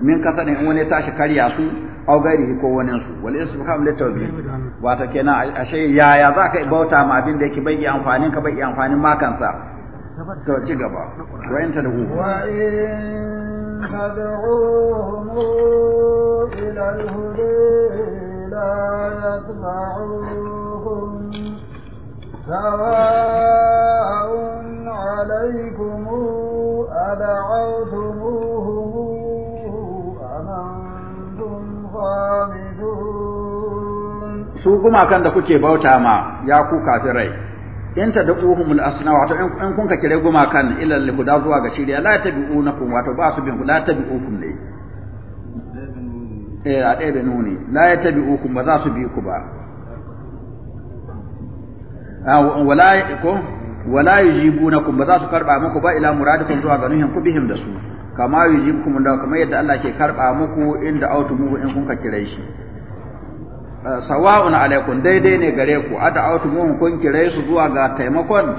min kasa ne in wani ya tashi karya su au gari ko wani su wal isbaham li tawbi wato kenan ashe yaya za ka bauta ma abin da yake bai yi amfanin ka bai yi amfanin ma kansa to ci gaba wa in tad'u wa in tad'uhum ila al-huda la yatma'uhum سواء عليكم أدعوتموهم أم أنتم صامتون سوكما كان bauta ma ya ياكو كافرين in ta da al-asna wato in kun ka kire gumakan ila al-huda zuwa ga shirya la tabi'unakum wato ba su bin la tabi'ukum ne eh a ɗaya da nuni la ya tabi uku ba za su bi ku ba Ah, wala ko wala yujibunakum ba za su karba muku ba ila muradikum zuwa ga nuhin ku bihim da su kama yujibukum Allah kamar yadda Allah ke karba muku inda muku in kun ka kire shi ah, sawa'un alaikum daidai ne gare ku ada autumuhu kun kire su zuwa ga taimakon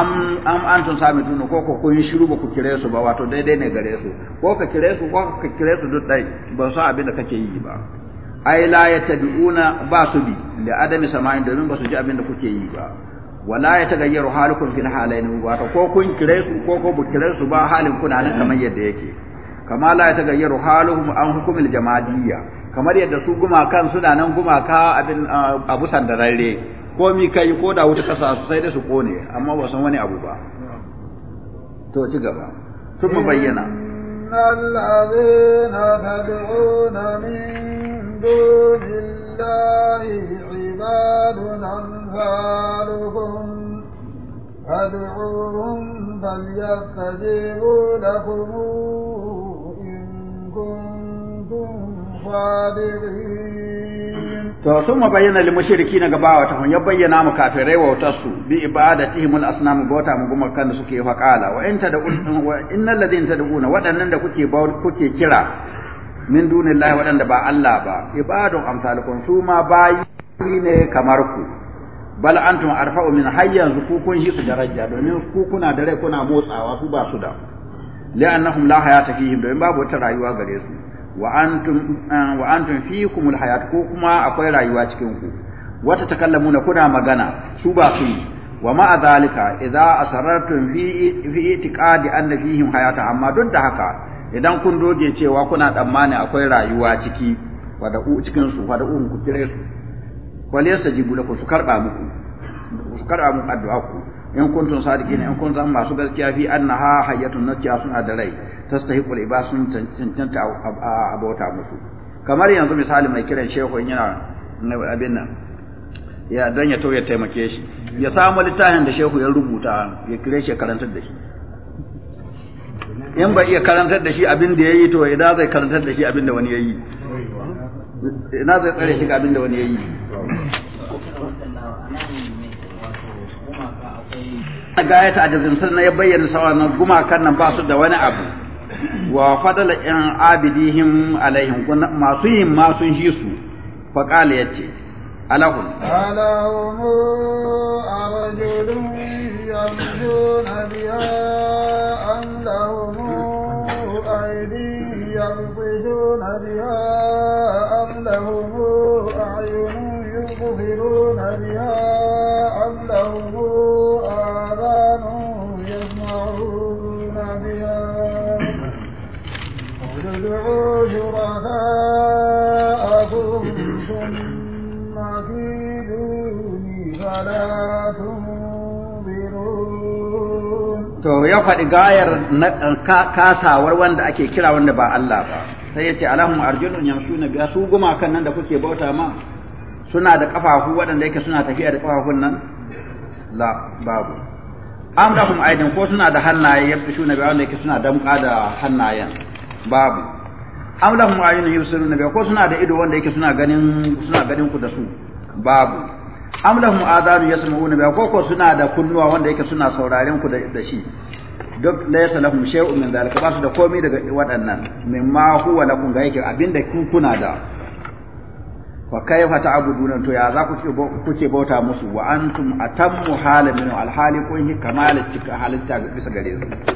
am am antum samitun ko ko kun shiru ba ku kire su ba wato daidai ne gare su ko ka kire su ko ka kire su duk dai ba su abin da kake yi ba ai la yatabi'una ba su bi da adami sama'in domin ba su ji abin da kuke yi ba wala ya tagayyaru halukum fil halayn wa ta ko kun kire su ko ko kire su ba halin kuna nan kamar yadda yake kama la ya tagayyaru haluhum an hukumil jamadiyya kamar yadda su gumakan suna nan gumaka abin abu sandararre ko mi kai ko da wuta kasa su sai da su kone amma ba san wani abu ba to ci gaba sun bayyana إن الذين تدعون من دون الله عباد أمثالكم فادعوهم فليستجيبوا لكم إن كنتم صادقين to sun ma bayyana li mushriki na gabawa ta ya bayyana mu kafirai su bi ibadatihim al asnam gota mu goma kan suke fa qala wa anta da wa innal ladina tad'una wadannan da kuke ba kuke kira min dunillahi wadanda ba Allah ba ibadun amsalukum su ma bayi ne kamar ku bal antum arfa'u min hayyan ku kun daraja domin ku kuna da rai kuna motsawa su ba su da li'annahum la hayata fihim domin babu wata rayuwa gare su wa antum ah, fikum alhayat ko kuma akwai rayuwa cikin ku wata takallamuna kuna magana su ba su wa ma zalika idza asarartum fi fi itiqadi anna fihim hayata amma duk da haka idan kun doge cewa kuna tsammani akwai rayuwa ciki wada u cikin su wada u ku kire su wal yastajibu lakum su karba muku su karba mu addu'a ku in kuntum sadiqin in kuntum masu gaskiya fi annaha hayyatun natiya suna da rai tastahiqul ibasun tantanta abota musu kamar yanzu misali mai kiran shehu in yana abin nan ya dan ya ya taimake shi ya samu littafin da shehu ya rubuta ya kire shi karantar da shi in ba iya karantar da shi abin da yayi to idan zai karantar da shi abin da wani yayi ina zai tsare shi ga abin da wani yayi gaya ta ajazin sannan ya bayyana sauran gumakan nan ba su da wani abu wa fadala in abidihim alaihim masu yin ma sun shi su fa qala yace alahu alahu ادعوا ثم كيدوني فلا to ya faɗi gayar kasawar wanda ake kira wanda ba Allah ba sai ya ce alahum yamsu na biya su gumakan nan da kuke bauta ma suna da kafafu waɗanda yake suna tafiya da kafafun nan la babu am lahum aidin ko suna da hannaye yabshuna biya wanda yake suna damƙa da hannayen babu am lahum ayunun yubsiruna bi ko suna da ido wanda yake suna ganin suna ganin ku da su babu am lahum adanu yasma'una bi ko ko suna da kunnuwa wanda yake suna sauraren ku da shi duk laysa lahum shay'un min zalika ba su da komai daga waɗannan mimma huwa lakum ga yake abinda ku kuna da fa kayfa ta'buduna to ya za ku kuke bauta musu wa antum atammu halamin min alhali kun kamala cika halitta bisa gare su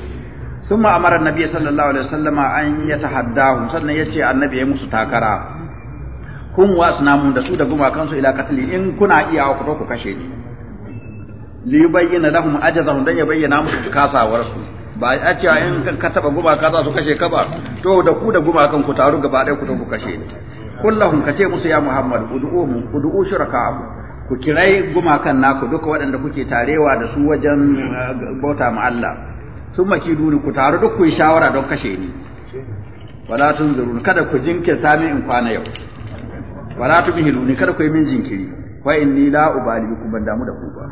ثم امر النبي صلى الله عليه وسلم ان يتحداهم sannan yace annabi ya musu takara kun wasna mun da su da guma kansu ila katli in kuna iya ku ku kashe ni li bayyana lahum ajazahum dan ya bayyana musu kasawar su ba a ce in ka taba guma ka za su kashe ka ba to da ku da guma ku taru gaba ɗaya ku ku kashe ni kullahum kace musu ya muhammad ud'u mu ud'u shuraka'a ku kirai gumakan naku duka waɗanda kuke tarewa da su wajen eh, bauta ma Allah sun maki duni ku taru duk ku yi shawara don kashe ni wala tun zuru kada ku jinkirta min in kwana yau wala tu bihiluni kada ku yi min jinkiri fa inni la ubali ku ban damu da ku ba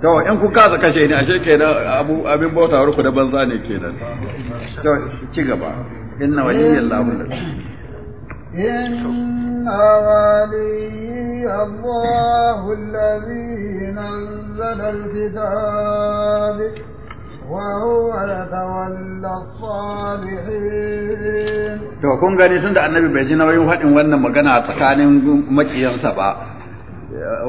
to in ku kasa kashe ni ashe kenan abu abin bauta ku da banza ne kenan to ci gaba inna waliyallahu إن ولي الله الذي نزل الكتاب to kun gani tunda annabi bai ji nauyin faɗin wannan magana a tsakanin makiyansa ba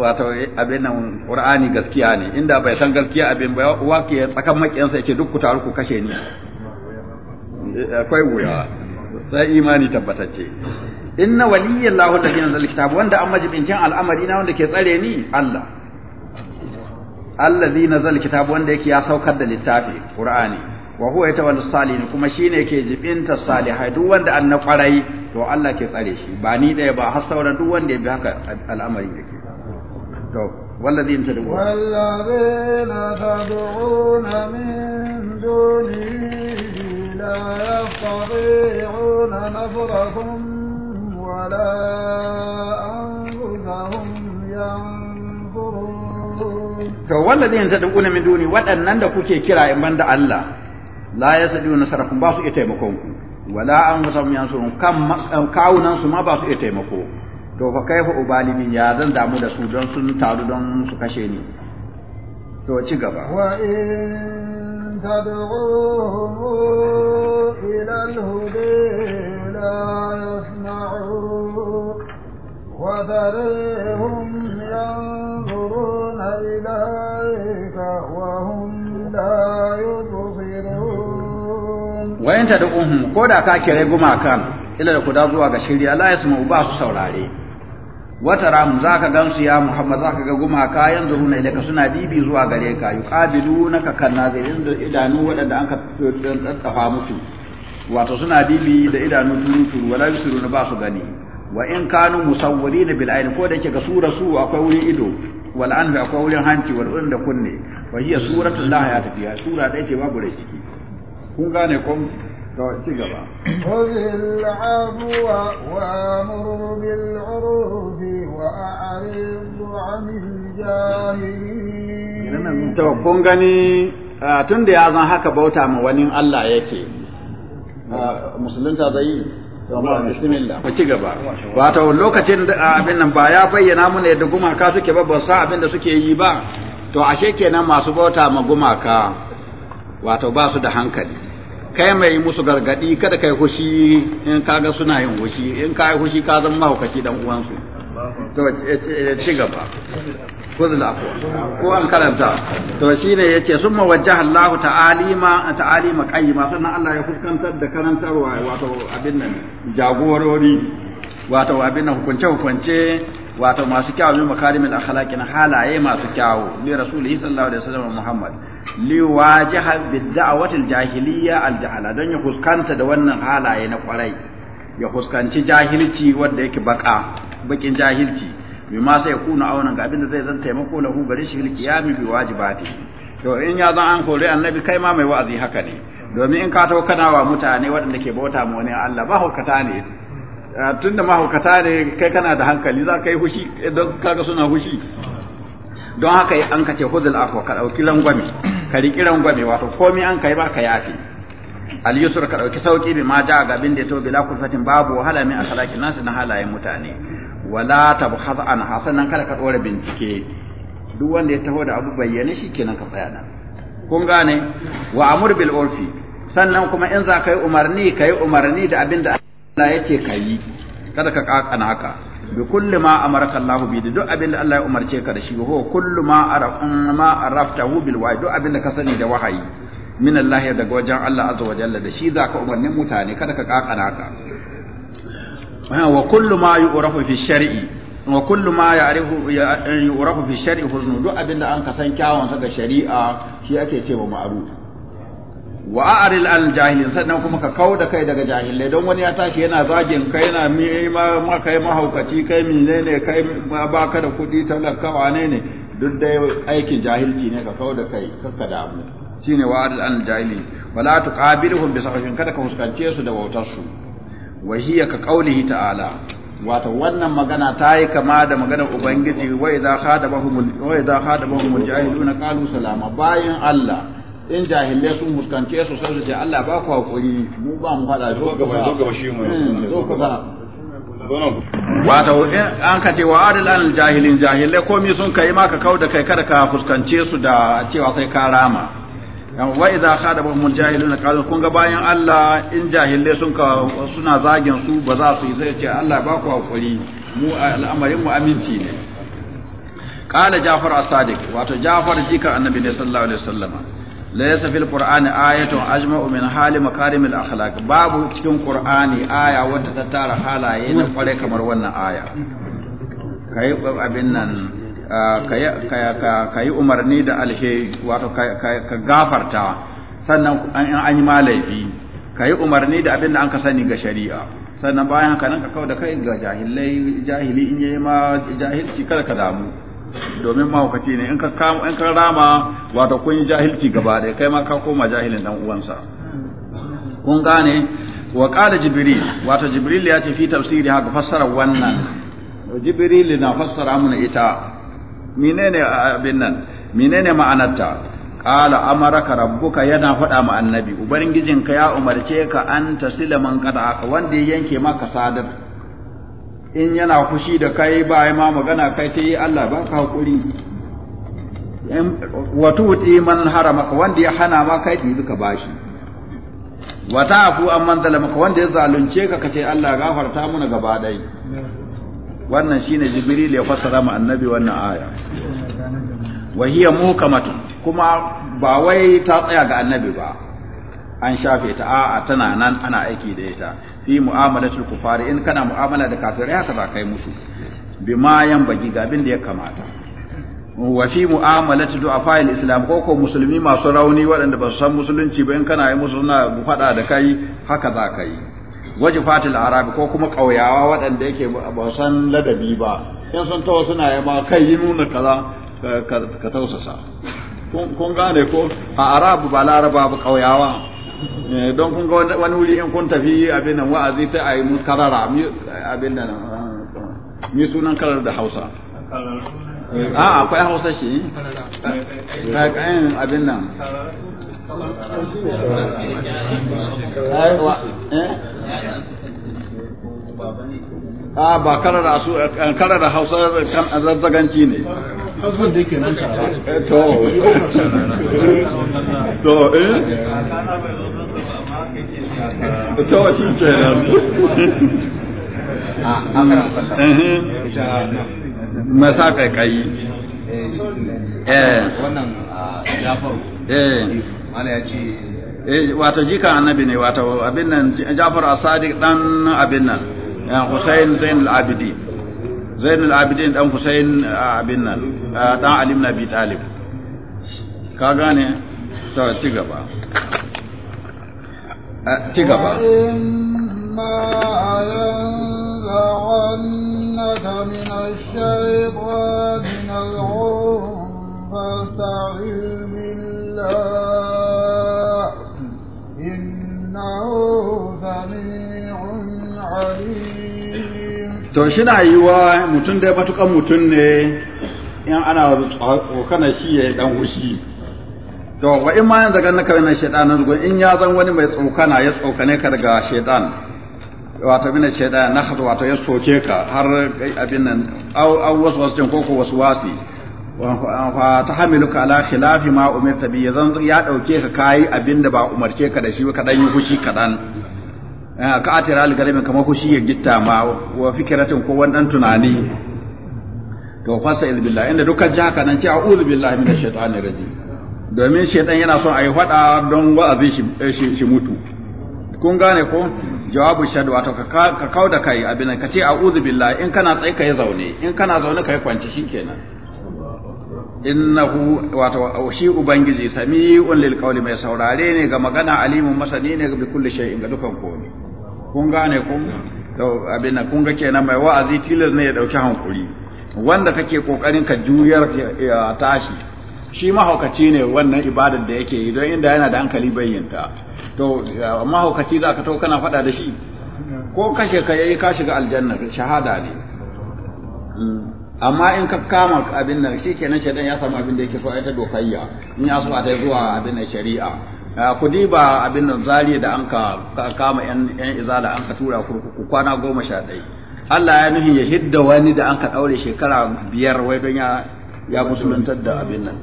wato abin nan qur'ani gaskiya ne inda bai san gaskiya abin ba wake tsakan makiyansa yace duk ku taru ku kashe ni akwai wuya sai imani tabbatacce inna waliyallahu alladhi anzala alkitaba wanda an majibincin al'amari na wanda ke tsare ni Allah allazi nazal kitab wanda yake ya saukar da littafi qur'ani wa huwa yatawalla salihin kuma shine yake jibinta salihai duk wanda an na to Allah ke tsare shi ba ni daya ba har sauran duk wanda ya bi haka al'amari yake to wallazi tad'un wallazina tad'un min dunihi la yastati'una nafrakum wala anfusahum yan to yanzu tad'una min duni waɗannan da kuke kira in banda Allah la yasdu nasarakum ba su iya taimakon ku wala an musam yansurun kan kawunan su ma ba su iya taimako to fa kaifa ubalimin ya zan damu da su don sun taru don su kashe ni to ci gaba wa in tad'uhum ila al huda la yasma'u wa darihum wayanta da umu ko da ka kere gumakan ila da kuda zuwa ga shirya Allah ya ba su saurare wata ram za ka gamsu ya muhammad za ka ga gumaka yanzu runa ilaka suna dibi zuwa gare ka yi ƙabilu na kakan nazirin da idanu waɗanda an ka tsattafa musu wato suna bibi da idanu turuturu wala na ba su gani wa in kanu musawwari na bil'ayin ko da ke ga su akwai wuri ido wal anfi akwai wurin hanci wal urin da kunne wa hiya suratul lahi ya tafiya sura da yake babu rai ciki kun gane kun ga ci gaba qul abu wa amru bil urfi wa a'rid 'anil jahilin to kun gani tunda ya zan haka bauta ma wani Allah yake musulunta zai yi ba ci gaba wato lokacin da abin nan ba ya bayyana mana yadda gumaka suke ba ba sa abin da suke yi ba to ashe kenan masu bauta ma gumaka wato ba su da hankali kai mai musu gargadi kada kai hushi in kaga suna yin hushi in kai hushi ka zama hukaci dan uwansu to eh, eh, ci gaba kuzul afwa ko an karanta to shine yace summa wajjaha Allah ta'alima ta'alima qayyima sannan Allah ya fuskantar da karantarwa wato abin nan jagorori wato abin nan hukunce hukunce wato masu kyawu min makarimil akhlaqi halaye masu kyawu li rasulihi sallallahu alaihi wasallam Muhammad li wajaha bid da'wati al jahiliya al jahala dan ya fuskanta da wannan halaye na kwarai ya fuskanci jahilci wanda yake baka bakin jahilci bima sai kuna auna ga abinda zai zan taimako lahu gare shi alqiyami bi wajibati to in ya zan an kore annabi kai ma mai wa'azi haka ne domin in ka tawo kana wa mutane waɗanda ke bauta mu ne Allah ba hukata ne tunda ma hukata ne kai kana da hankali za ka yi hushi eh, don kaga suna hushi don haka an ka ce hudul afwa ka dauki rangwame ka riki rangwame wato komai an kai ba ka yafi al yusr ka dauki sauki bi ma ja ga bin da to bila kulfatin babu wahala a akhlaqin nas na halayen mutane wala tabhas an nan kada ka dora bincike duk wanda ya taho da abu bayyana shi kenan ka tsaya nan kun gane wa amur bil urfi sannan kuma in za ka yi umarni ka yi umarni da abin da Allah ya ce ka yi kada ka kakana haka bi kulli ma amaraka Allah bi duk abin da Allah ya umarce ka da shi ho kullu ma arafun ma araftahu bil wahyi duk abin da ka sani da wahayi min Allah daga wajen Allah azza wa jalla da shi za ka umarnin mutane kada ka kakana haka wa kullu ma yu'rafu fi shar'i wa kullu ma ya'rifu yu'rafu fi shar'i husnu duk abinda an kasan kyawun sa ga shari'a shi ake cewa ma'ruf wa a'ril al jahilin sannan kuma ka kawo da kai daga jahilai don wani ya tashi yana zagin kai yana ma kai mahaukaci kai menene kai ba ka da kuɗi talakawa ne ne duk dai aikin jahilci ne ka kawo da kai kakka da abu shine wa al jahilin wala tuqabiluhum bi sahhin kada ka fuskance su da wautar su wa hiya ka qaulihi ta'ala wato wannan magana ta yi kama da maganar ubangiji wa idza khadabahum wa idza khadabahum al-jahiluna qalu salama bayan Allah in jahilai sun muskance su sai su ce Allah ba ku hakuri mu ba mu fada zo gaba zo ga shi mu hmm, zo kusa wato an ka ce wa adil al jahilin jahilai komai sun kai maka kauda kai kada ka fuskance su da cewa sai ka rama wa idza khadabahum aljahilun qalu kun ga bayan Allah in jahilai sun ka suna zagin su ba za su yi sai ce Allah ba ku hakuri mu al'amarin mu aminci ne qala jafar as-sadiq wato jafar jika annabi ne sallallahu alaihi wasallam laysa fil qur'ani ayatun ajma'u min hali makarimil akhlaq babu cikin qur'ani aya wadda ta tara halaye na kware kamar wannan aya kai abin nan ka yi umarni da alheri wato ka gafarta sannan an yi ma laifi ka yi umarni da abin da an ka sani ga shari'a sannan bayan haka nan ka kawo da kai ga jahilai jahili in yi ma jahilci kada ka damu domin mahaukaci ne in ka in ka rama wato kun yi jahilci gaba ɗaya kai ma ka koma jahilin dan uwansa kun gane wa qala jibril wato jibril ya ce fi tafsiri haka fassara wannan jibril na fassara mana ita menene abin nan menene ma'anarta qala amaraka rabbuka yana faɗa ma annabi ubangijinka ya umarce ka an tasila man ka wanda ya yanke maka sadar in yana fushi da kai ba ai ma magana kai sai Allah ba ka hakuri wa tuti man haramaka wanda ya hana ma kai ɗibi ka bashi wa ta'fu amman zalamaka wanda ya zalunce ka kace Allah gafarta muna gaba ɗaya wannan shine jibril ya fassara ma annabi wannan aya wa hiya mukamatu kuma ba wai ta tsaya ga annabi ba an shafe ta a'a tana nan ana aiki da ita fi mu'amalatul kufari in kana mu'amala da kafirai haka za kai musu bima yan bagi ga abin da ya kamata wa fi mu'amalatul du'afa al-islam ko ko musulmi masu rauni waɗanda ba su san musulunci ba in kana yi musu suna faɗa da kai haka za ka yi waje fatil arabi ko kuma ƙauyawa waɗanda yake ba san ladabi ba in sun taho suna yi ma kai yi nuna kaza ka tausasa kun gane ko a arabu ba laraba ba ƙauyawa eh, don kun ga wani wuri in kun tafi abin nan wa'azi sai a yi mu karara abin nan mi sunan karar da hausa eh, a akwai hausa shi eh, abin nan a ah, ba karar asu eh, eh, karar hausa eh, kan zazzaganci ne to to eh to shi ke nan ah, masa kai kai eh wannan ah, eh mala ya ce eh, wato jika annabi ne wato abin nan Ja'far Asadiq dan abin nan eh, Hussein Zain al-Abidi Zain al-Abidin dan Hussein eh, abin nan dan Ali ibn Abi Talib ka gane to ci gaba ci gaba ma ينزغنك من الشيطان الغر فاستعذ بالله to shi na yi wa mutum dai matukan mutum ne in ana tsokanar shi ya yi dan hushi to wa in ma yanzu ganin kawai na shaidanin zugun in ya zan wani mai tsokana ya tsokane ka daga shaidan wato mina shaidan na hadu wato ya soke ka har abin nan au wasu wasu jin koko wasu wasi Wa ta ka ala khilafi ma umirta bi zan ya dauke ka kayi abin da ba umarce ka da shi ka dan yi hushi kadan Eh, ka atira algalimin kamar kushi ya gitta ma wa fikiratin ko wani tunani to fasa iz billah inda duka ji haka nan ce a'udhu billahi minash shaitani rajim domin shaitan yana son ayi fada don wa'azi eh, shi shi mutu kun gane ko jawabu shadu wato ka da kai abin ka ce a'udhu billahi in kana tsaye kai zaune in kana zaune kai kwance shikenan innahu wato shi ubangiji sami'un lil qawli mai saurare ne ga magana alimun masani ne ga kulli shay'in ga dukan komai kun gane kun abin kun ga kenan mai wa'azi tilas ne ya dauki hankuri wanda kake kokarin ka juyar ya tashi shi mahaukaci ne wannan ibadar da yake yi don inda yana da hankali bayyanta to mahaukaci za ka to kana faɗa da shi ko kashe ka yayi ka shiga aljanna shahada ne amma in ka kama abin nan shi kenan shaidan ya samu abin da yake so ai ta dokayya in ya so a ta zuwa abin shari'a Ah, ku diba abin nan da an ka kama yan izala an ka tura kurkuku kwana goma sha ɗai. Allah ya nuhin ya hidda wani da an ka ɗaure shekara biyar wai don ya ya musuluntar da abin nan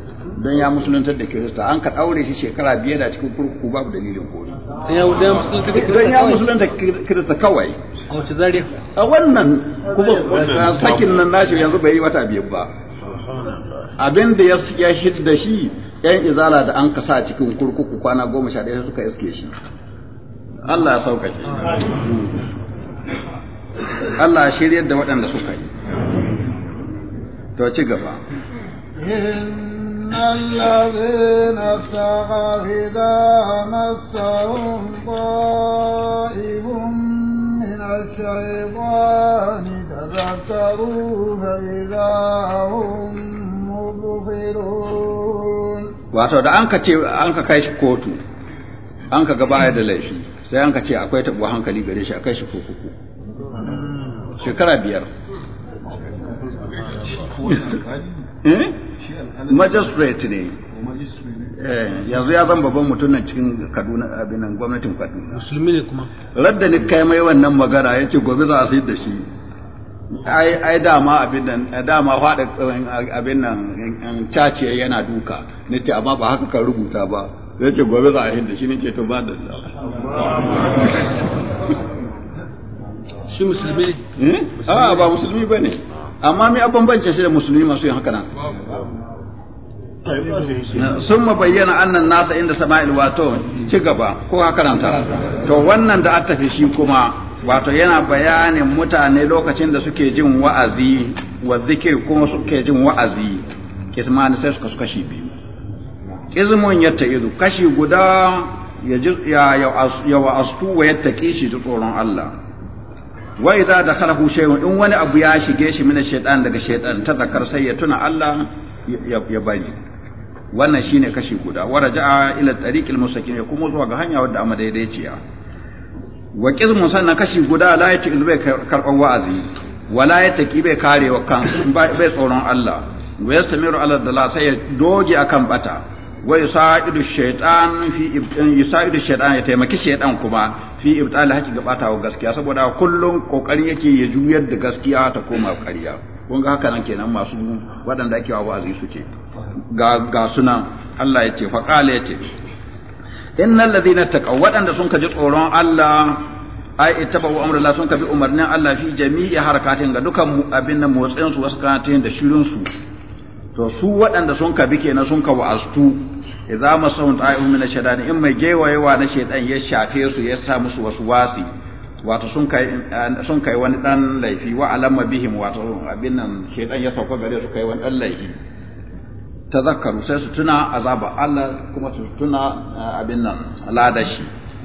don ya musuluntar da kirista an ka ɗaure shi shekara biyar da cikin kurkuku babu dalilin kori. don ya musuluntar kirista kawai a a wannan kuma sakin nan nashi yanzu bai yi wata biyar ba abin da ya hidda shi yan izala da an kasa cikin kurkuku kwana goma sha ɗaya suka iske shi Allah ya sauka shi Allah ya shiryar da waɗanda suka yi to ci gaba الذين سعوا إذا مسهم طائف من الشيطان تذكروا فإذا هم مبصرون wato da an ka ce an ka kai shi kotu an ka gaba da laifi sai an ka ce akwai tabo hankali gare shi a kai shi kurkuku shekara biyar eh? magistrate ne eh, yanzu ya zan babban mutum nan cikin kaduna abinan gwamnatin kaduna musulmi ne kuma radda ni kai mai wannan magana ya ce gobe za a sayar da shi ai dama abin nan dama fada abin nan caci yana duka ce amma ba haka kan rubuta ba zai ce gobe za a da shi ke to ba da shi musulmi eh a ah, ba musulmi bane amma me abambance shi da musulmi masu yin haka nan sun bayyana annan nasa inda sama'il wato ci gaba ko haka nan ta to wannan da a tafi shi kuma wato yana bayanin mutane lokacin da suke jin wa'azi wa zikir kuma suke jin wa'azi kismani sai suka kashi biyu izmun yattaizu kashi guda ya ya wa'astu wa yattaqi shi tsoron Allah wa idza dakhalahu shay'un in wani abu ya shige shi min shaytan daga shaytan ta zakar sai ya tuna Allah ya bari wannan shine kashi guda waraja ila tariqil mustaqim kuma zuwa ga hanya wadda amma daidaiciya wa kizmun sannan kashi guda la yake zai karɓar wa'azi wala yataki bai karewa kan bai tsoron Allah wa yastamiru ala dalal sai ya doge akan bata wa yusaidu shaytan fi ibtan yusaidu shaytan ya taimaki shaytan kuma fi ibtal ga gabata wa gaskiya saboda kullun kokari yake ya juyar da gaskiya ta koma ƙarya kun ga haka nan kenan masu waɗanda ake wa wa'azi suke ga sunan Allah ya ce faqala ya ce innal ladhina taqaw wadanda sun kaji tsoron Allah ai ittaba'u amrullah sun kabi umarnin Allah fi jami'i harakatin ga dukan abin nan motsin su wasu kanatin da shirin su to su waɗanda sun kabi kenan sun ka wa'aztu idza masahum ta'ihum min ash in mai gewayewa na shaytan ya shafe su ya sa musu wasu wasi wato sun kai sun kai wani dan laifi wa alamma bihim wato abin nan ɗan ya sauka gare su kai wani dan laifi tazakkaru sai su tuna azaba Allah kuma su tuna eh, abin nan ladashi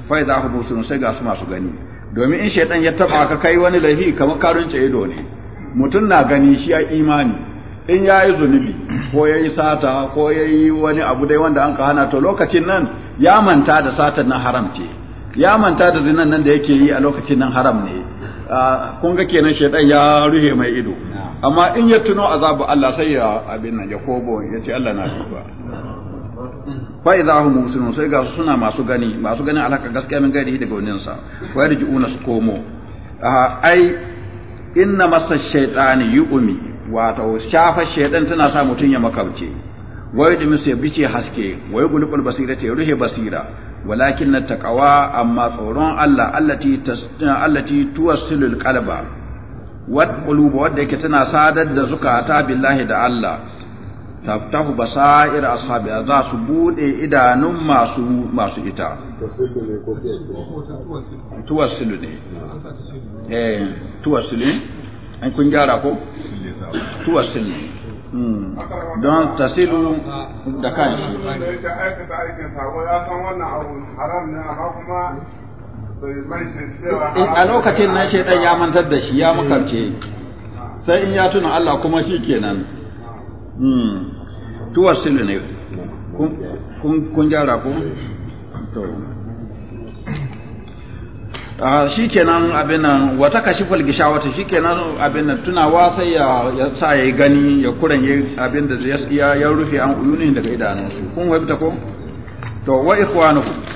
fa idza hu busirun sai ga su masu gani domin in shaytan ya taba ka kai wani laifi kamar karun ido ne mutum na gani shi ya imani in ya yi zunubi ko ya yi sata ko ya yi wani abu dai wanda an ka hana to lokacin nan ya manta da satan nan haram ce ya manta da zinan nan da yake yi a lokacin nan haram ne ah, kun ga kenan shaytan ya ruhe mai ido amma in ya tuno azabu Allah sai ya abin nan ya kobo ya ce Allah na duba fa idza hum muslimun sai ga suna masu gani masu gani alaka gaskiya min gari daga wannan sa wa yarjuuna su komo ah, ai inna masa shaytani yu'mi wato shafa shaydan tana sa mutun ya makabce wai da musu ya bice haske wai gulubul basira ce ruhe basira walakin na taqawa amma tsoron Allah allati allati tuwassilul qalba wat qulubu wadda yake tana sadar da zukata billahi da Allah taftahu basair ashabi za su bude idanun masu masu ita tuwasilu ne eh tuwasilu an kun gyara ko tuwasilu hmm. don tasiru da kan shi Eh, a lokacin nan shaidan ya mantar da shi ya eh. makarce ah. sai in ya tuna Allah kuma shi kenan tuwar silu ne kun gyara ku? Ah, shi kenan abin nan wata falgisha wata shi kenan abin nan tunawa sai ya sa ya gani ya yi abin da ya rufe an ne daga idanunsu kun wabta ko? to wa ikhwanukum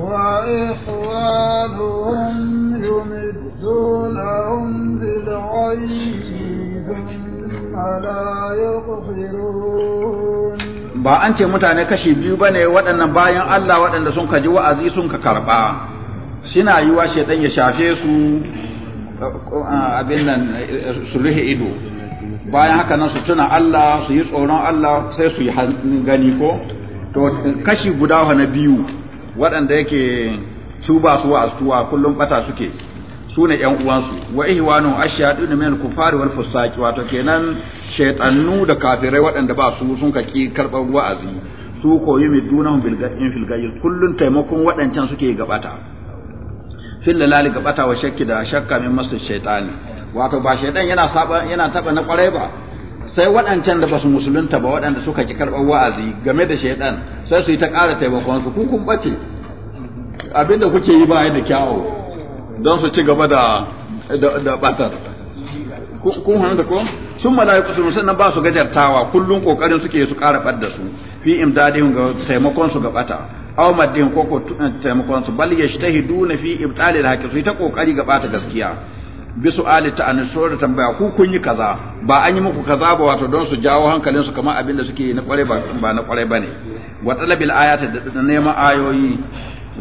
وإخوانهم يمدونهم بالغيب يغفرون ba an ce mutane kashi biyu ba ne waɗannan bayan Allah waɗanda sun kaji wa'azi sun ka karɓa suna yi wa shaidan ya shafe su eh, abin nan eh, su ido bayan haka nan su tuna Allah su yi tsoron Allah sai su yi gani ko to kashi guda na biyu waɗanda yake su ba su kullum bata suke su ne ‘yan uwansu wa ihwanu ashadu ne min kufari wal fusaki wato kenan shaitannu da kafirai waɗanda ba su sun ka kaki karɓar wa'azi su koyi mai dunahun bilga'in filgayi kullum taimakon waɗancan suke gabata fil lalali gabata wa shakki da shakka min masu shaitani wato ba shaitan yana taɓa na kwarai ba sai waɗancan da basu musulunta ba waɗanda suka ki karɓar wa'azi game da shaidan sai su yi ta ƙara taimakon su ku kun ɓace abinda kuke yi ba da kyawu don su ci gaba da ɓatar. kun hannu da ko sun mala'iku su sannan ba su gajartawa kullum kokarin suke su ƙara ɓar da su fi imdadihim ga taimakon su ga bata aw maddihim ko ko eh, taimakon su bal yashtahiduna fi ibtalil haqqi su ta kokari ga ɓata gaskiya Bisu Ali ta anso da tambaya ku kun yi kaza ba an yi muku kaza ba wato don su jawo hankalin su kamar abin da suke yi na kware ba ba na kware bane wa talabil ayati da neman ayoyi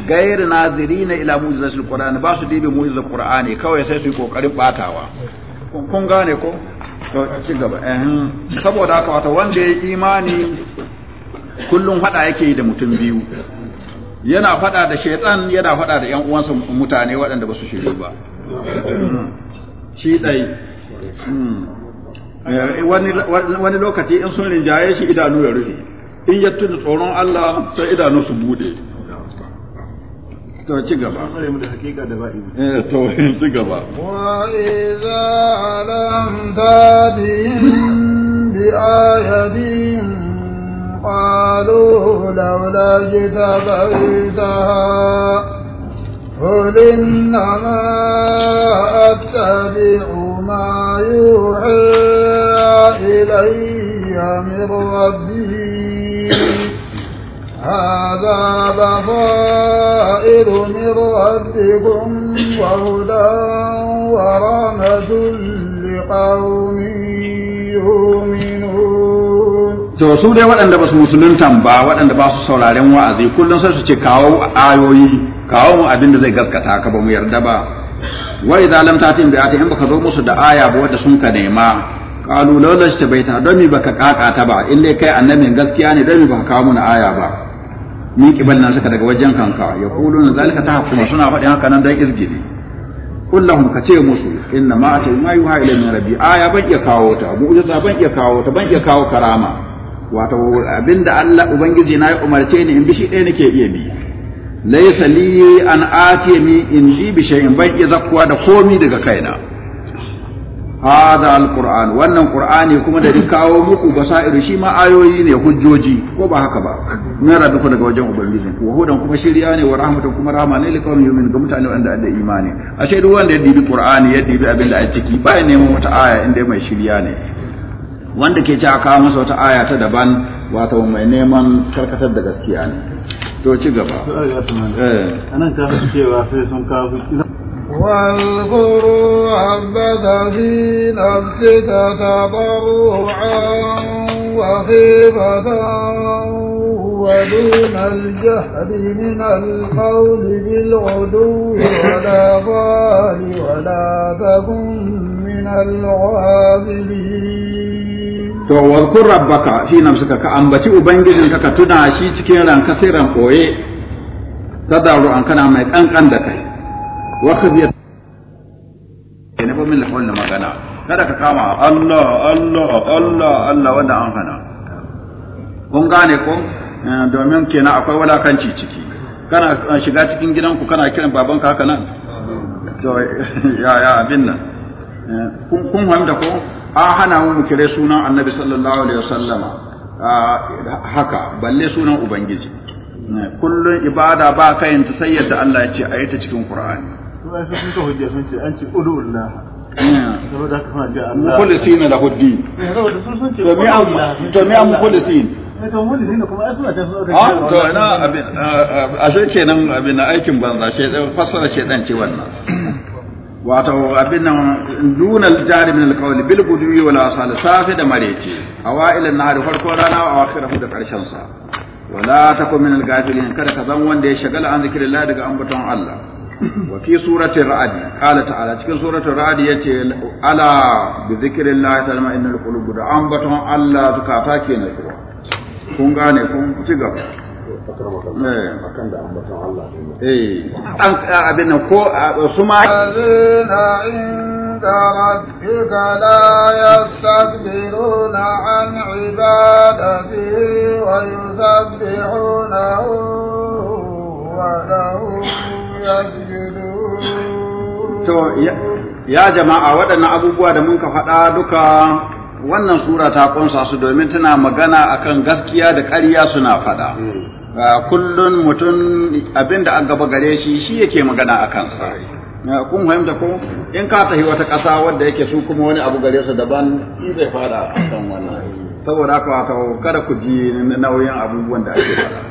gairu nazirina ila mujizatil qur'an ba su dibe mujizar qur'ani kawai sai su yi kokarin batawa kun gane ko to ci gaba eh saboda haka wato wanda ya imani kullun fada yake da mutum biyu yana fada da shaytan yana fada da yan uwansa mutane waɗanda ba su shiru ba shi ɗai hmm. eh, wani lokaci in sun rinjaye shi idanu ya rufe in ya tuna tsoron Allah sai idanu su bude to ci gaba eh, to [laughs] ci gaba wa idza lam tadin bi ayatin qalu لولا جئت بيتها قل إنما أتبع ما يوحى إلي من ربي هذا بصائر من ربكم وهدى ورمد لقومي to su dai waɗanda ba su musuluntan ba waɗanda ba su sauraren wa'azi kullum sai su ce kawo ayoyi kawo mu abin da zai gaskata ka ba mu yarda ba wa idza lam ta'ti bi ayatin in baka zo musu da aya ba wanda sun ka nema qalu laula istabaita don mi baka ta ba in kai annabin gaskiya ne don mi baka kawo mana aya ba mi nan suka daga wajen kanka yaquluna zalika hukuma suna faɗi haka nan dan izgidi kullahum ka ce musu inna ma ta ma yuha ila min rabbi aya ban iya kawo ta mu'jiza ban iya kawo ta ban iya kawo karama wato abinda Allah ubangiji na ya umarce ni in bi shi ɗaya nake iya bi laysa li an ati mi in ji bi in ban iya zakkuwa da komi daga kaina hada alquran wannan qur'ani kuma da kawo muku basairu shi ma ayoyi ne hujjoji ko ba haka ba min ku daga wajen ubangiji ku hudan kuma shiriya ne wa rahmatun kuma rahama ne li ga mutane wanda imani ashe duk wanda ya dibi qur'ani ya dibi abin da a ciki ba neman wata aya inda mai shiriya ne wanda ke ci a kawo masa wata aya ta daban wato mai neman karkatar da gaskiya ne to ci gaba eh. anan ka cewa sai sun kawo واذكر عبد في نفسك تضرعا وخيفة ودون الجهر من القول بالغدو ولا ضال ولا تكن من الغافلين to wadkur rabbaka fi nafsika ka ambaci ubangijin ka tuna shi cikin ranka sai ran koye tadaru an kana mai kankan da kai wa khafiyat ne ba min lahon magana kada ka kama Allah Allah Allah Allah wanda an fana. kun gane ko eh, domin kenan akwai walakanci ciki kana eh, shiga cikin gidanku kana kiran babanka haka nan to [laughs] ya ya abin nan kun fahimta ko a hana mu mu kire sunan annabi sallallahu alaihi wasallama haka balle sunan ubangiji kullun ibada ba kayan ta sai yadda Allah ya ce a ta cikin qur'ani sun ta hujja sun ce an ce udullah mukhlisina lahu din to mi am to mi am mukhlisin to mukhlisina kuma ai suna ta suna ah, to ina abin ashe kenan abin aikin banza shi fassara shedan ce wannan wato abin nan dunal jari min bil gudwi wal asal safi da marece awailan nahar farko rana wa akhirahu da karshen sa wala takun min alghafilin kada ka zan wanda ya shagala an zikrillah daga ambaton Allah wa fi surati ra'd qala ta'ala cikin surati ra'd yace ala bi zikrillah talma innal qulub da ambaton Allah zukata kenan kun gane kun ci gaba Eh. akan da Allah ne eh. ko su ma عند ربك لا يستكبرون عن عبادته ويسبحونه وله يسجدون ya jama'a waɗannan abubuwa da ka faɗa duka wannan sura ta ƙunsa su domin tana magana akan gaskiya da ƙarya suna faɗa. Hmm. Ah, kullun mutum abinda an gaba gare shi shi yake magana a kansa ah, kun fahimta ko in ka tafi wata ƙasa wadda yake su kuma wani abu gare su daban in zai fada a kan wannan saboda haka wata kada ku ji nauyin abubuwan da ake fada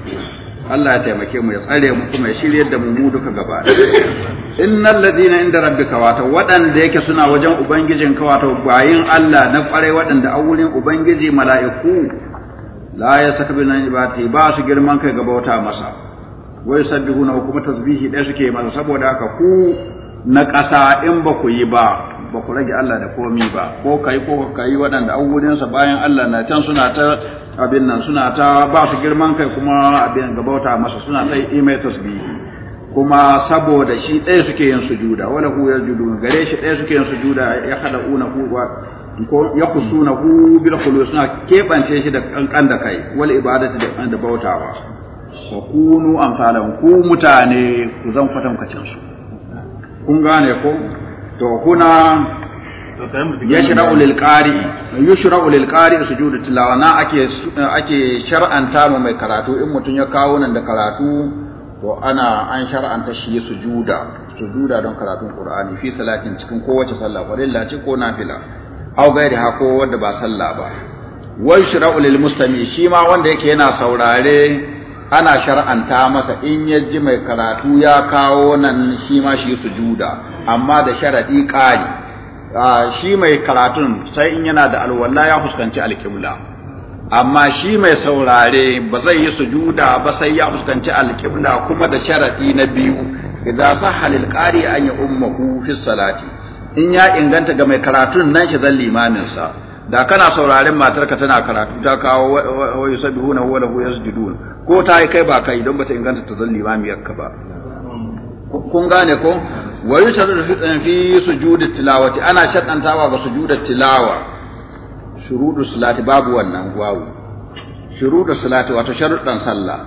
Allah ya taimake mu ya tsare mu kuma ya shirye da mu mu duka gaba innal ladina inda rabbika kawata, waɗanda yake suna wajen ubangijin ka wato bayin Allah na kware waɗanda a wurin ubangiji mala'iku la nan ibati ba su girman kai ga bauta masa wai na kuma tasbihi dai suke masa saboda haka ku na ƙasa in ba ku yi ba ba ku rage Allah da komi ba ko kai ko kai waɗanda an bayan Allah na can suna ta abin nan suna ta ba su girman kai kuma abin ga bauta masa suna ta yi mai tasbihi kuma saboda shi ɗaya suke yin sujuda wala hu yajudu gare shi ɗaya suke yin sujuda ya hada una ku ko ya kusuna ku bil khulus na kebance shi da kankan da kai wal ibadatu da bautawa wa kunu amsalan ku mutane ku zan kwatan cin su kun gane ko to kuna yashra'u lil qari yashra'u lil qari sujudu tilawa na ake ake shar'anta mu mai karatu in mutun ya kawo nan da karatu to ana an shar'anta shi sujuda sujuda don karatun qur'ani fi salatin cikin kowace sallah farilla ce ko nafila gairi ha ko wanda ba sallah ba wai shira'u muslimi shi ma wanda yake yana saurare ana shar'anta masa in ya ji mai karatu ya kawo nan shi ma shi sujuda amma da sharadi kari. shi mai karatun sai in yana da alwala ya fuskanci alkibla amma shi mai saurare ba zai yi sujuda ba sai ya fuskanci alkibla kuma da sharadi na biyu idza sahha lil qari an ya ummuhu fi salati in ya inganta ga mai karatun nan shi zan limamin sa da kana sauraren matarka tana karatu ta kawo wa yusabbihuna wa su yasjudun ko ta yi kai ba kai don bata inganta ta zan limamiyar ba kun gane ko da fitan fi sujudi tilawati ana shaɗantawa ga sujudi tilawa shurudu salati babu wannan gwawo shurudu salati wato sharuɗan sallah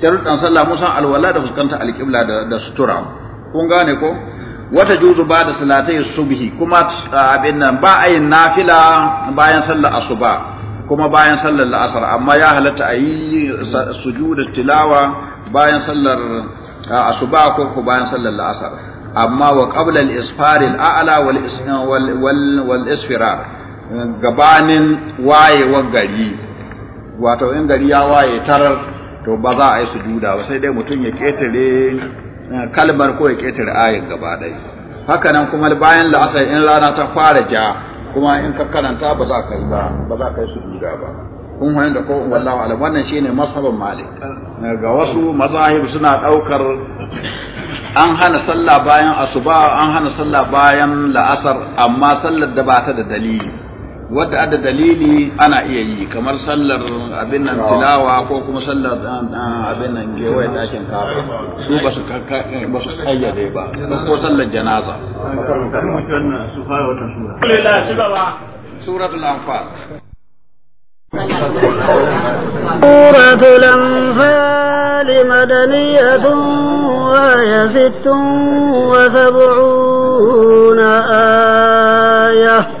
sharuɗan sallah musan alwala da fuskanta alƙibla da sutura kun gane ko wata juzu ba da salatai subhi kuma abin nan ba a yin nafila bayan sallar asuba kuma bayan sallar la'asar amma ya halatta a yi sujudu tilawa bayan sallar asuba ko bayan sallar la'asar amma wa qabla al-isfar al-a'la wal wal isfirar gabanin wayewar gari wato in gari ya waye tarar to ba za a yi sujuda ba sai dai mutum ya ketare Eh, kalmar ko ya ƙetare ayin gaba ɗaya haka nan kuma bayan la'asar in rana ta fara ja kuma in ka karanta ba za ka yi ba ba za ka yi su sujuda ba kun hanyar da ko wallahu ala wannan shine mazhabin malik eh, ga wasu mazahib suna daukar an hana sallah bayan asuba an hana sallah bayan la'asar amma sallar da ba ta da dalili wadda ada dalili ana iya yi kamar sallar abin nan tilawa ko kuma sallar ah, ah, abin nan gewaye dakin kafa su eh, ba su kayyade ba ko sallar janaza suratul anfal سورة الأنفال مدنية وهي ست وسبعون آية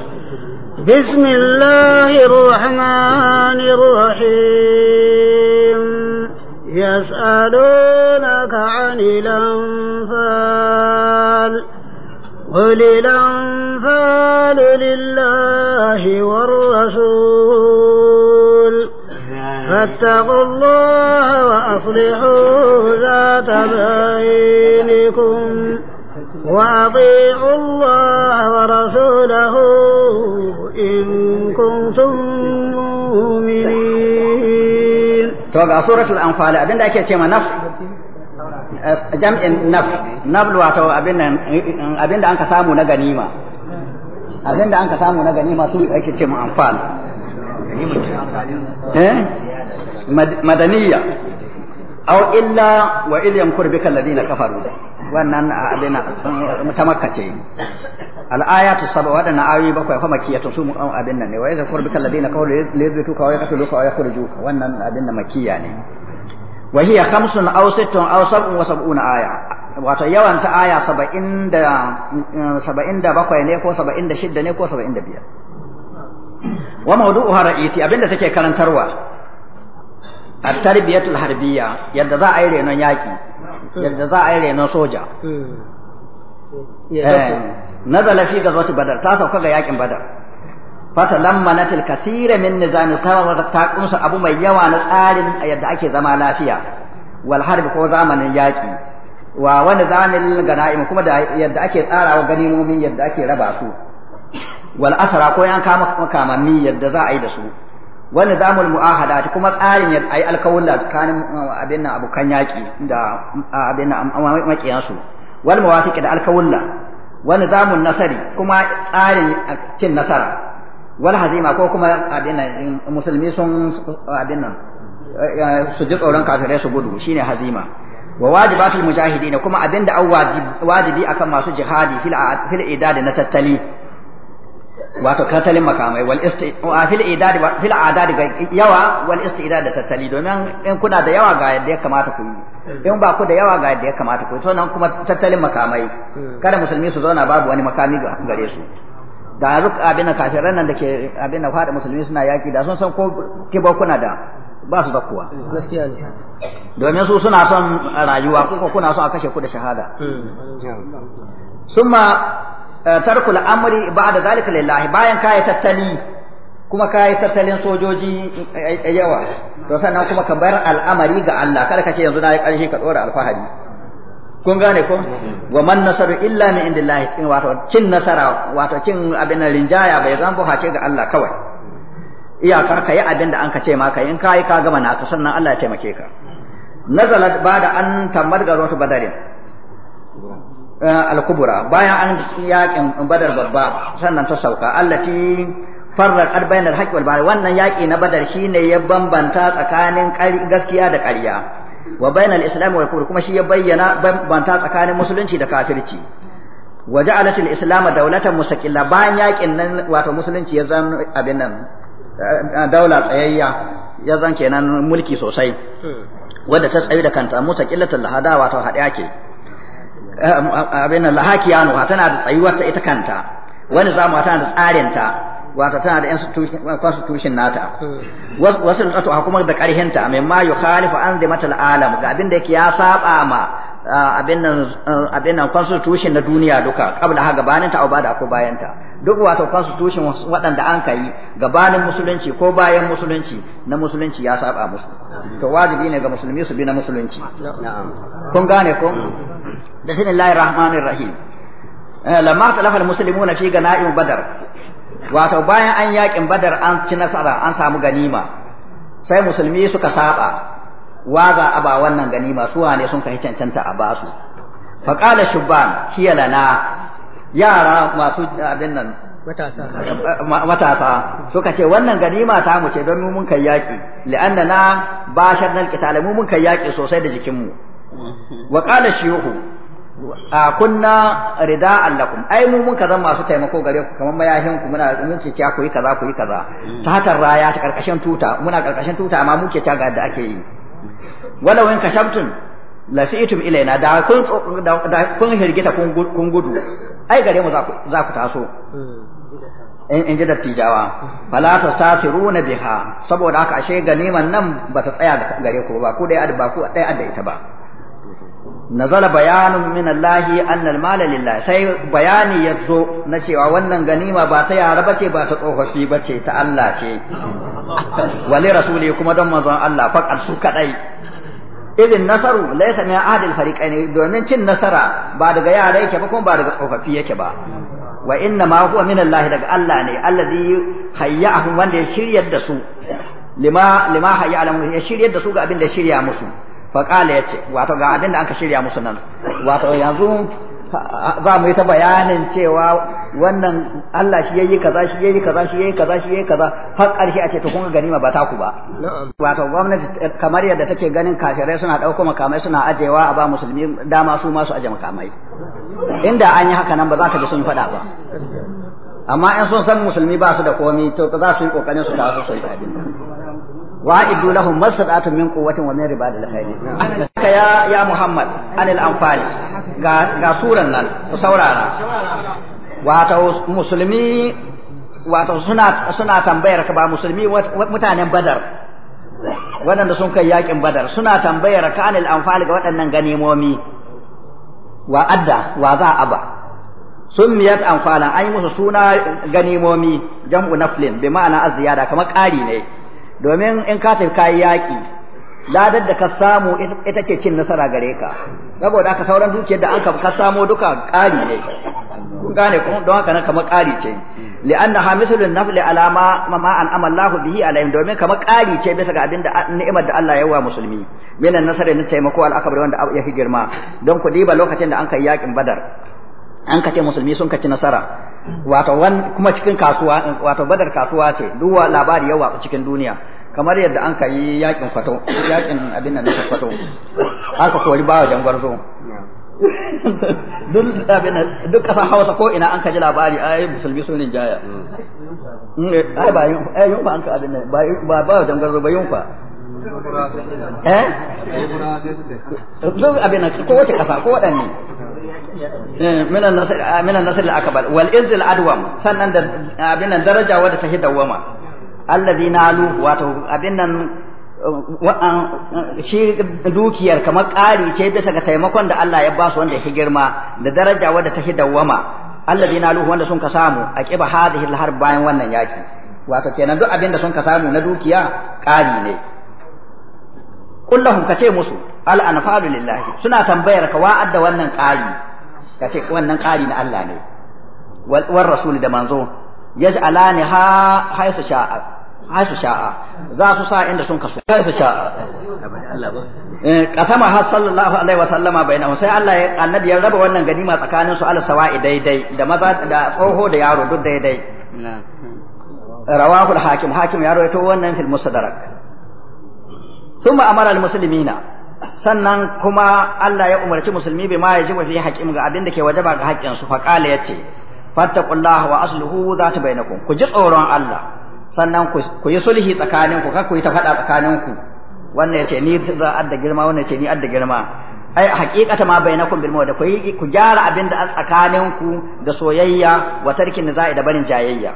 بسم الله الرحمن الرحيم يسألونك عن الأنفال قل الأنفال لله والرسول فاتقوا الله وأصلحوا ذات بينكم وأطيعوا الله ورسوله إن كنتم مؤمنين توقع سورة الأنفال أبين داكي تيما نفس jam'in naf nafl wato abin nan abin da anka samu na ganima abin da anka samu na ganima su ake ce mu anfal eh madaniya aw illa kafaru wannan ah, abin um, ta makka ce al'ayatu sab wadannan ayoyi bakwai fa ta su um, abin nan ne wa yadhkur bika alladhina qawlu lazitu ka wa yaqtulu ka wa yakhruju wannan abin nan makiya ne wa hiya khamsun aw sittun aw sab'un wa sab'una aya wato yawan ta aya 70 da 77 um, ne ko 76 ne ko 75 wa mawdu'uha ra'isi abinda take karantarwa at-tarbiyatul harbiyya yadda za a yi renon yaki Hmm. yadda za a yi renon soja hmm. eh, nazala fi gazwati badar ta sauka ga yakin badar fata lammanatil kasira min nizamin kama ta kunsa abu mai yawa na tsarin yadda ake zama lafiya wal harbi ko zamanin yaki wa wani zamil gana'im kuma da yadda ake tsara tsarawa ganimomin yadda ake raba su wal asara ko yan kama kamanni yadda za a yi da su wa nizamul mu'ahada kuma tsarin ya ayi alkawulla tsakanin uh, abin nan abokan yaki da uh, abin nan uh, makiyansu wal mawasiq da alkawulla wa nizamun nasari kuma tsarin cin nasara wal hazima ko kuma abin nan musulmi sun abin nan su ji tsoron kafirai su gudu shine hazima wa wajibatul mujahidin kuma abinda an wajibi akan masu jihadi fil fil idad na tattali wato tattalin makamai wal fil idadi fil adadi ga yawa wal istidad da tattali domin in kuna da yawa ga yadda ya kamata ku yi in ba ku da yawa ga yadda ya kamata ku yi to nan kuma tattalin makamai kada musulmi su zauna babu wani makami ga gare su da ruk abin da kafiran nan da ke abin da fada musulmi suna yaki da sun san ko kibo kuna da ba su zakkuwa gaskiya ne domin su suna son rayuwa ko kuna son a kashe ku da shahada hmm. summa Eh, tarkul amri ba'da zalika lillahi bayan kai tattali kuma kai tattalin sojoji eh, eh, yawa to sannan kuma ka bar al'amari ga Allah kada ka yanzu na yi ka dora alfahari kun gane ko wa man nasaru illa min indillahi in wato cin nasara wato cin abin rinjaya bai zan hace ga Allah kawai iyaka ka yi abin da an ka ce maka in ka ka gama naka sannan Allah ya taimake ka nazalat bada an tammar ga rotu badarin al-kubra bayan an yakin badar babba sannan ta sauka allati farra qad al haqqi wal wannan yaki na badar shine ya bambanta tsakanin gaskiya da ƙarya wa al islam wal kufr kuma shi ya bayyana bambanta tsakanin musulunci da kafirci wa ja'alat al-islam dawlatan mustaqilla bayan yakin nan wato musulunci ya zama abin nan daula tsayayya ya zan kenan mulki sosai wadda ta tsayi da kanta mustaqillatan hada wato hadiya ke abin lahakiyanu tana da tsayuwar ta ita kanta wani zamu tana da tsarin ta wato tana da constitution nata hmm. wasu lutsatu hukumar da ta mai ma yukhalifu an zimatal alam ga abin da yake ya saba ma abin nan constitution na duniya duka kabla ha gabanin ta ba da ko bayan ta duk wato constitution waɗanda an kai gabanin musulunci ko bayan musulunci na musulunci ya saba musu to wajibi ne ga musulmi su bi na musulunci kun gane ko hmm. بسم الله الرحمن الرحيم لما اختلف المسلمون في غنائم بدر wato bayan an yakin badar an ci nasara an samu ganima sai musulmi suka saba waza a ba wannan ganima su ne sun kai cancanta a basu fa qala shubban hiya lana yara masu abin nan matasa Matasa suka ce wannan ganima ta mu ce don mu mun kai yaki li'annana basharnal qital mu mun kai yaki sosai da jikinmu mu wa qala shiyuhu. a kunna rida lakum ai mu mun kaza masu taimako gare ku kamar mayahin ku muna mun ce cewa koyi kaza koyi kaza ta hatar raya ta karkashin tuta muna karkashin tuta amma muke ta ga da ake yi walau in kashabtum la fi'tum ilaina da kun da kun hirgita kun gudu ai gare mu za ku taso in ji dattijawa fala tastasiruna biha saboda haka ashe ganiman nan bata tsaya gare ku ba ku dai ba ku dai adda ita ba nazala bayanin min Allah anna mala sai bayani yazo na cewa wannan ganima ba ta yara bace ba ta tsofaffi bace ta Allah ce wali rasuli kuma don manzon Allah faqat su kadai idin nasaru laysa min ahadil fariqaini domin cin nasara ba daga yare yake ba kuma ba daga tsofaffi yake ba wa inna ma huwa min Allah daga Allah ne allazi hayya'ahum wanda ya shiryar da su lima lima hayya'alamu ya shiryar da su ga abin da shirya musu faƙala ya ce wato ga abin da an shirya musu nan wato yanzu za mu yi ta bayanin cewa wannan Allah shi yayi kaza shi yayi kaza shi yayi kaza shi yayi kaza har ƙarshe a ce to kun ganima ba ta ku ba wato gwamnati kamar yadda take ganin kafirai suna ɗauko makamai suna ajewa a ba musulmi dama su ma su aje makamai inda an yi haka nan ba za ka ji sun faɗa ba amma in sun san musulmi ba su da komi to za su yi ƙoƙarin su kawo su yi abin واعدوا لهم ما استطعتم من قوة ومن رباط الخيل يا يا محمد عن الأنفال ga suran nan ku saurara wato musulmi wato suna suna tambayar ka ba musulmi mutanen badar waɗanda sun kai yakin badar suna tambayar ka anil anfal ga waɗannan ganimomi wa adda wa za Aba sun miyat anfalan an yi musu suna ganimomi jam'u naflin bi ma'ana aziyada kamar ƙari ne domin in ka tafi kayi yaƙi ladar da ka samu ita ce cin nasara gare ka saboda haka sauran dukiyar da an ka samo duka ƙari ne kun gane kun don haka nan kamar ƙari ce li'anna ha mislun nafli alama ma an amallahu bihi alaihim domin kamar ƙari ce bisa ga abinda ni'imar da Allah ya wa musulmi minan nasara na taimako al-akbar wanda ya fi girma don ku diba lokacin da an kai yaƙin badar an kace musulmi sun kaci nasara wato wan kuma cikin kasuwa wato badar kasuwa ce duk labari yawa a cikin duniya kamar yadda an kai yakin kwato yakin abin nan na kwato aka kori bawa jangwarzo duk abin duk kasar Hausa ko ina an kaji labari ai musulmi sun rinjaya ai ba yin ai yin an ka abin nan ba ba ba jangwarzo ba yunfa eh duk abin nan ko wace kasa ko waɗanne Eh, min an-nasr ah, min an-nasr al-akbar wal izz al-adwam sannan da abin nan daraja wadda ta hidawama allazi abin nan ah, shi dukiyar kamar ƙari ce bisa ga taimakon da Allah ya ba su wanda ya girma da daraja wadda ta hidawama allazi nalu wanda sun ka samu a kiba hadhihi al bayan wannan yaki wato kenan duk abin da sun ka samu na dukiya ƙari ne kullahum ce musu al-anfalu lillahi suna tambayar ka wa'adda wannan ƙari Ka ce wannan ƙari na Allah ne wal rasul da manzo yaj'alani ha haisu sha'a haisu sha'a za su sa inda sun kasu haisu sha'a eh, kasama har sallallahu alaihi wa sallama bai bainahu sai Allah ya annabi ya raba wannan ganima tsakanin su ala sawa'i daidai da maza da tsoho da yaro duk daidai rawahu al-hakim hakim ya rawaito wannan fil musadarak ثم أمر المسلمين sannan kuma Allah ya umarci musulmi bai ma ya ji mafi haƙƙin ga abin da ke wajaba ga haƙƙin su faƙala ya ce fattaqullaha wa asluhu za ta bainakum ku ji tsoron Allah sannan ku yi sulhi tsakanin ku kar ku yi ta faɗa tsakanin ku wannan ya ce ni za adda girma wannan ya ce ni adda girma ai haqiqata ma bainakum bil mawda ku ku gyara abin da a tsakanin ku da soyayya wa tarkin nizai da barin jayayya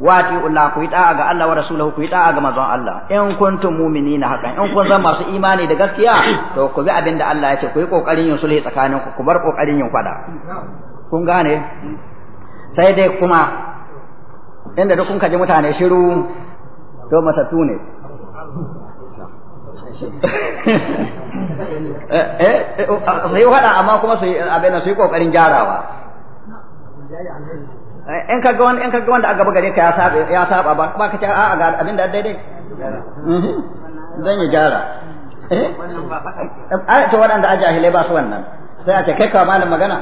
wati ulla ku ita ga Allah wa rasuluhu ku ita ga manzon Allah in kuntum mu'minina hakan in kun zama masu imani da gaskiya to ku bi abinda Allah ya ce ku yi kokarin yin sulhi tsakanin ku ku bar kokarin yin fada kun gane sai dai kuma inda duk kun kaji mutane shiru to matattu ne [laughs] eh, eh, eh sai fada amma kuma sai abena su yi kokarin gyarawa Eh, in ka ga in ka ga wanda a gaba gare ka ya saba ya saba ba ba ka ce a'a ga abin da daidai dan mhm. ya gyara eh ai to waɗanda a jahilai ba su wannan sai a ce kai ka malam magana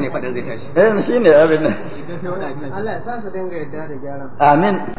ne fadin zai tashi eh shine abin nan [laughs] Allah ya sa su dinga yarda da gyaran amin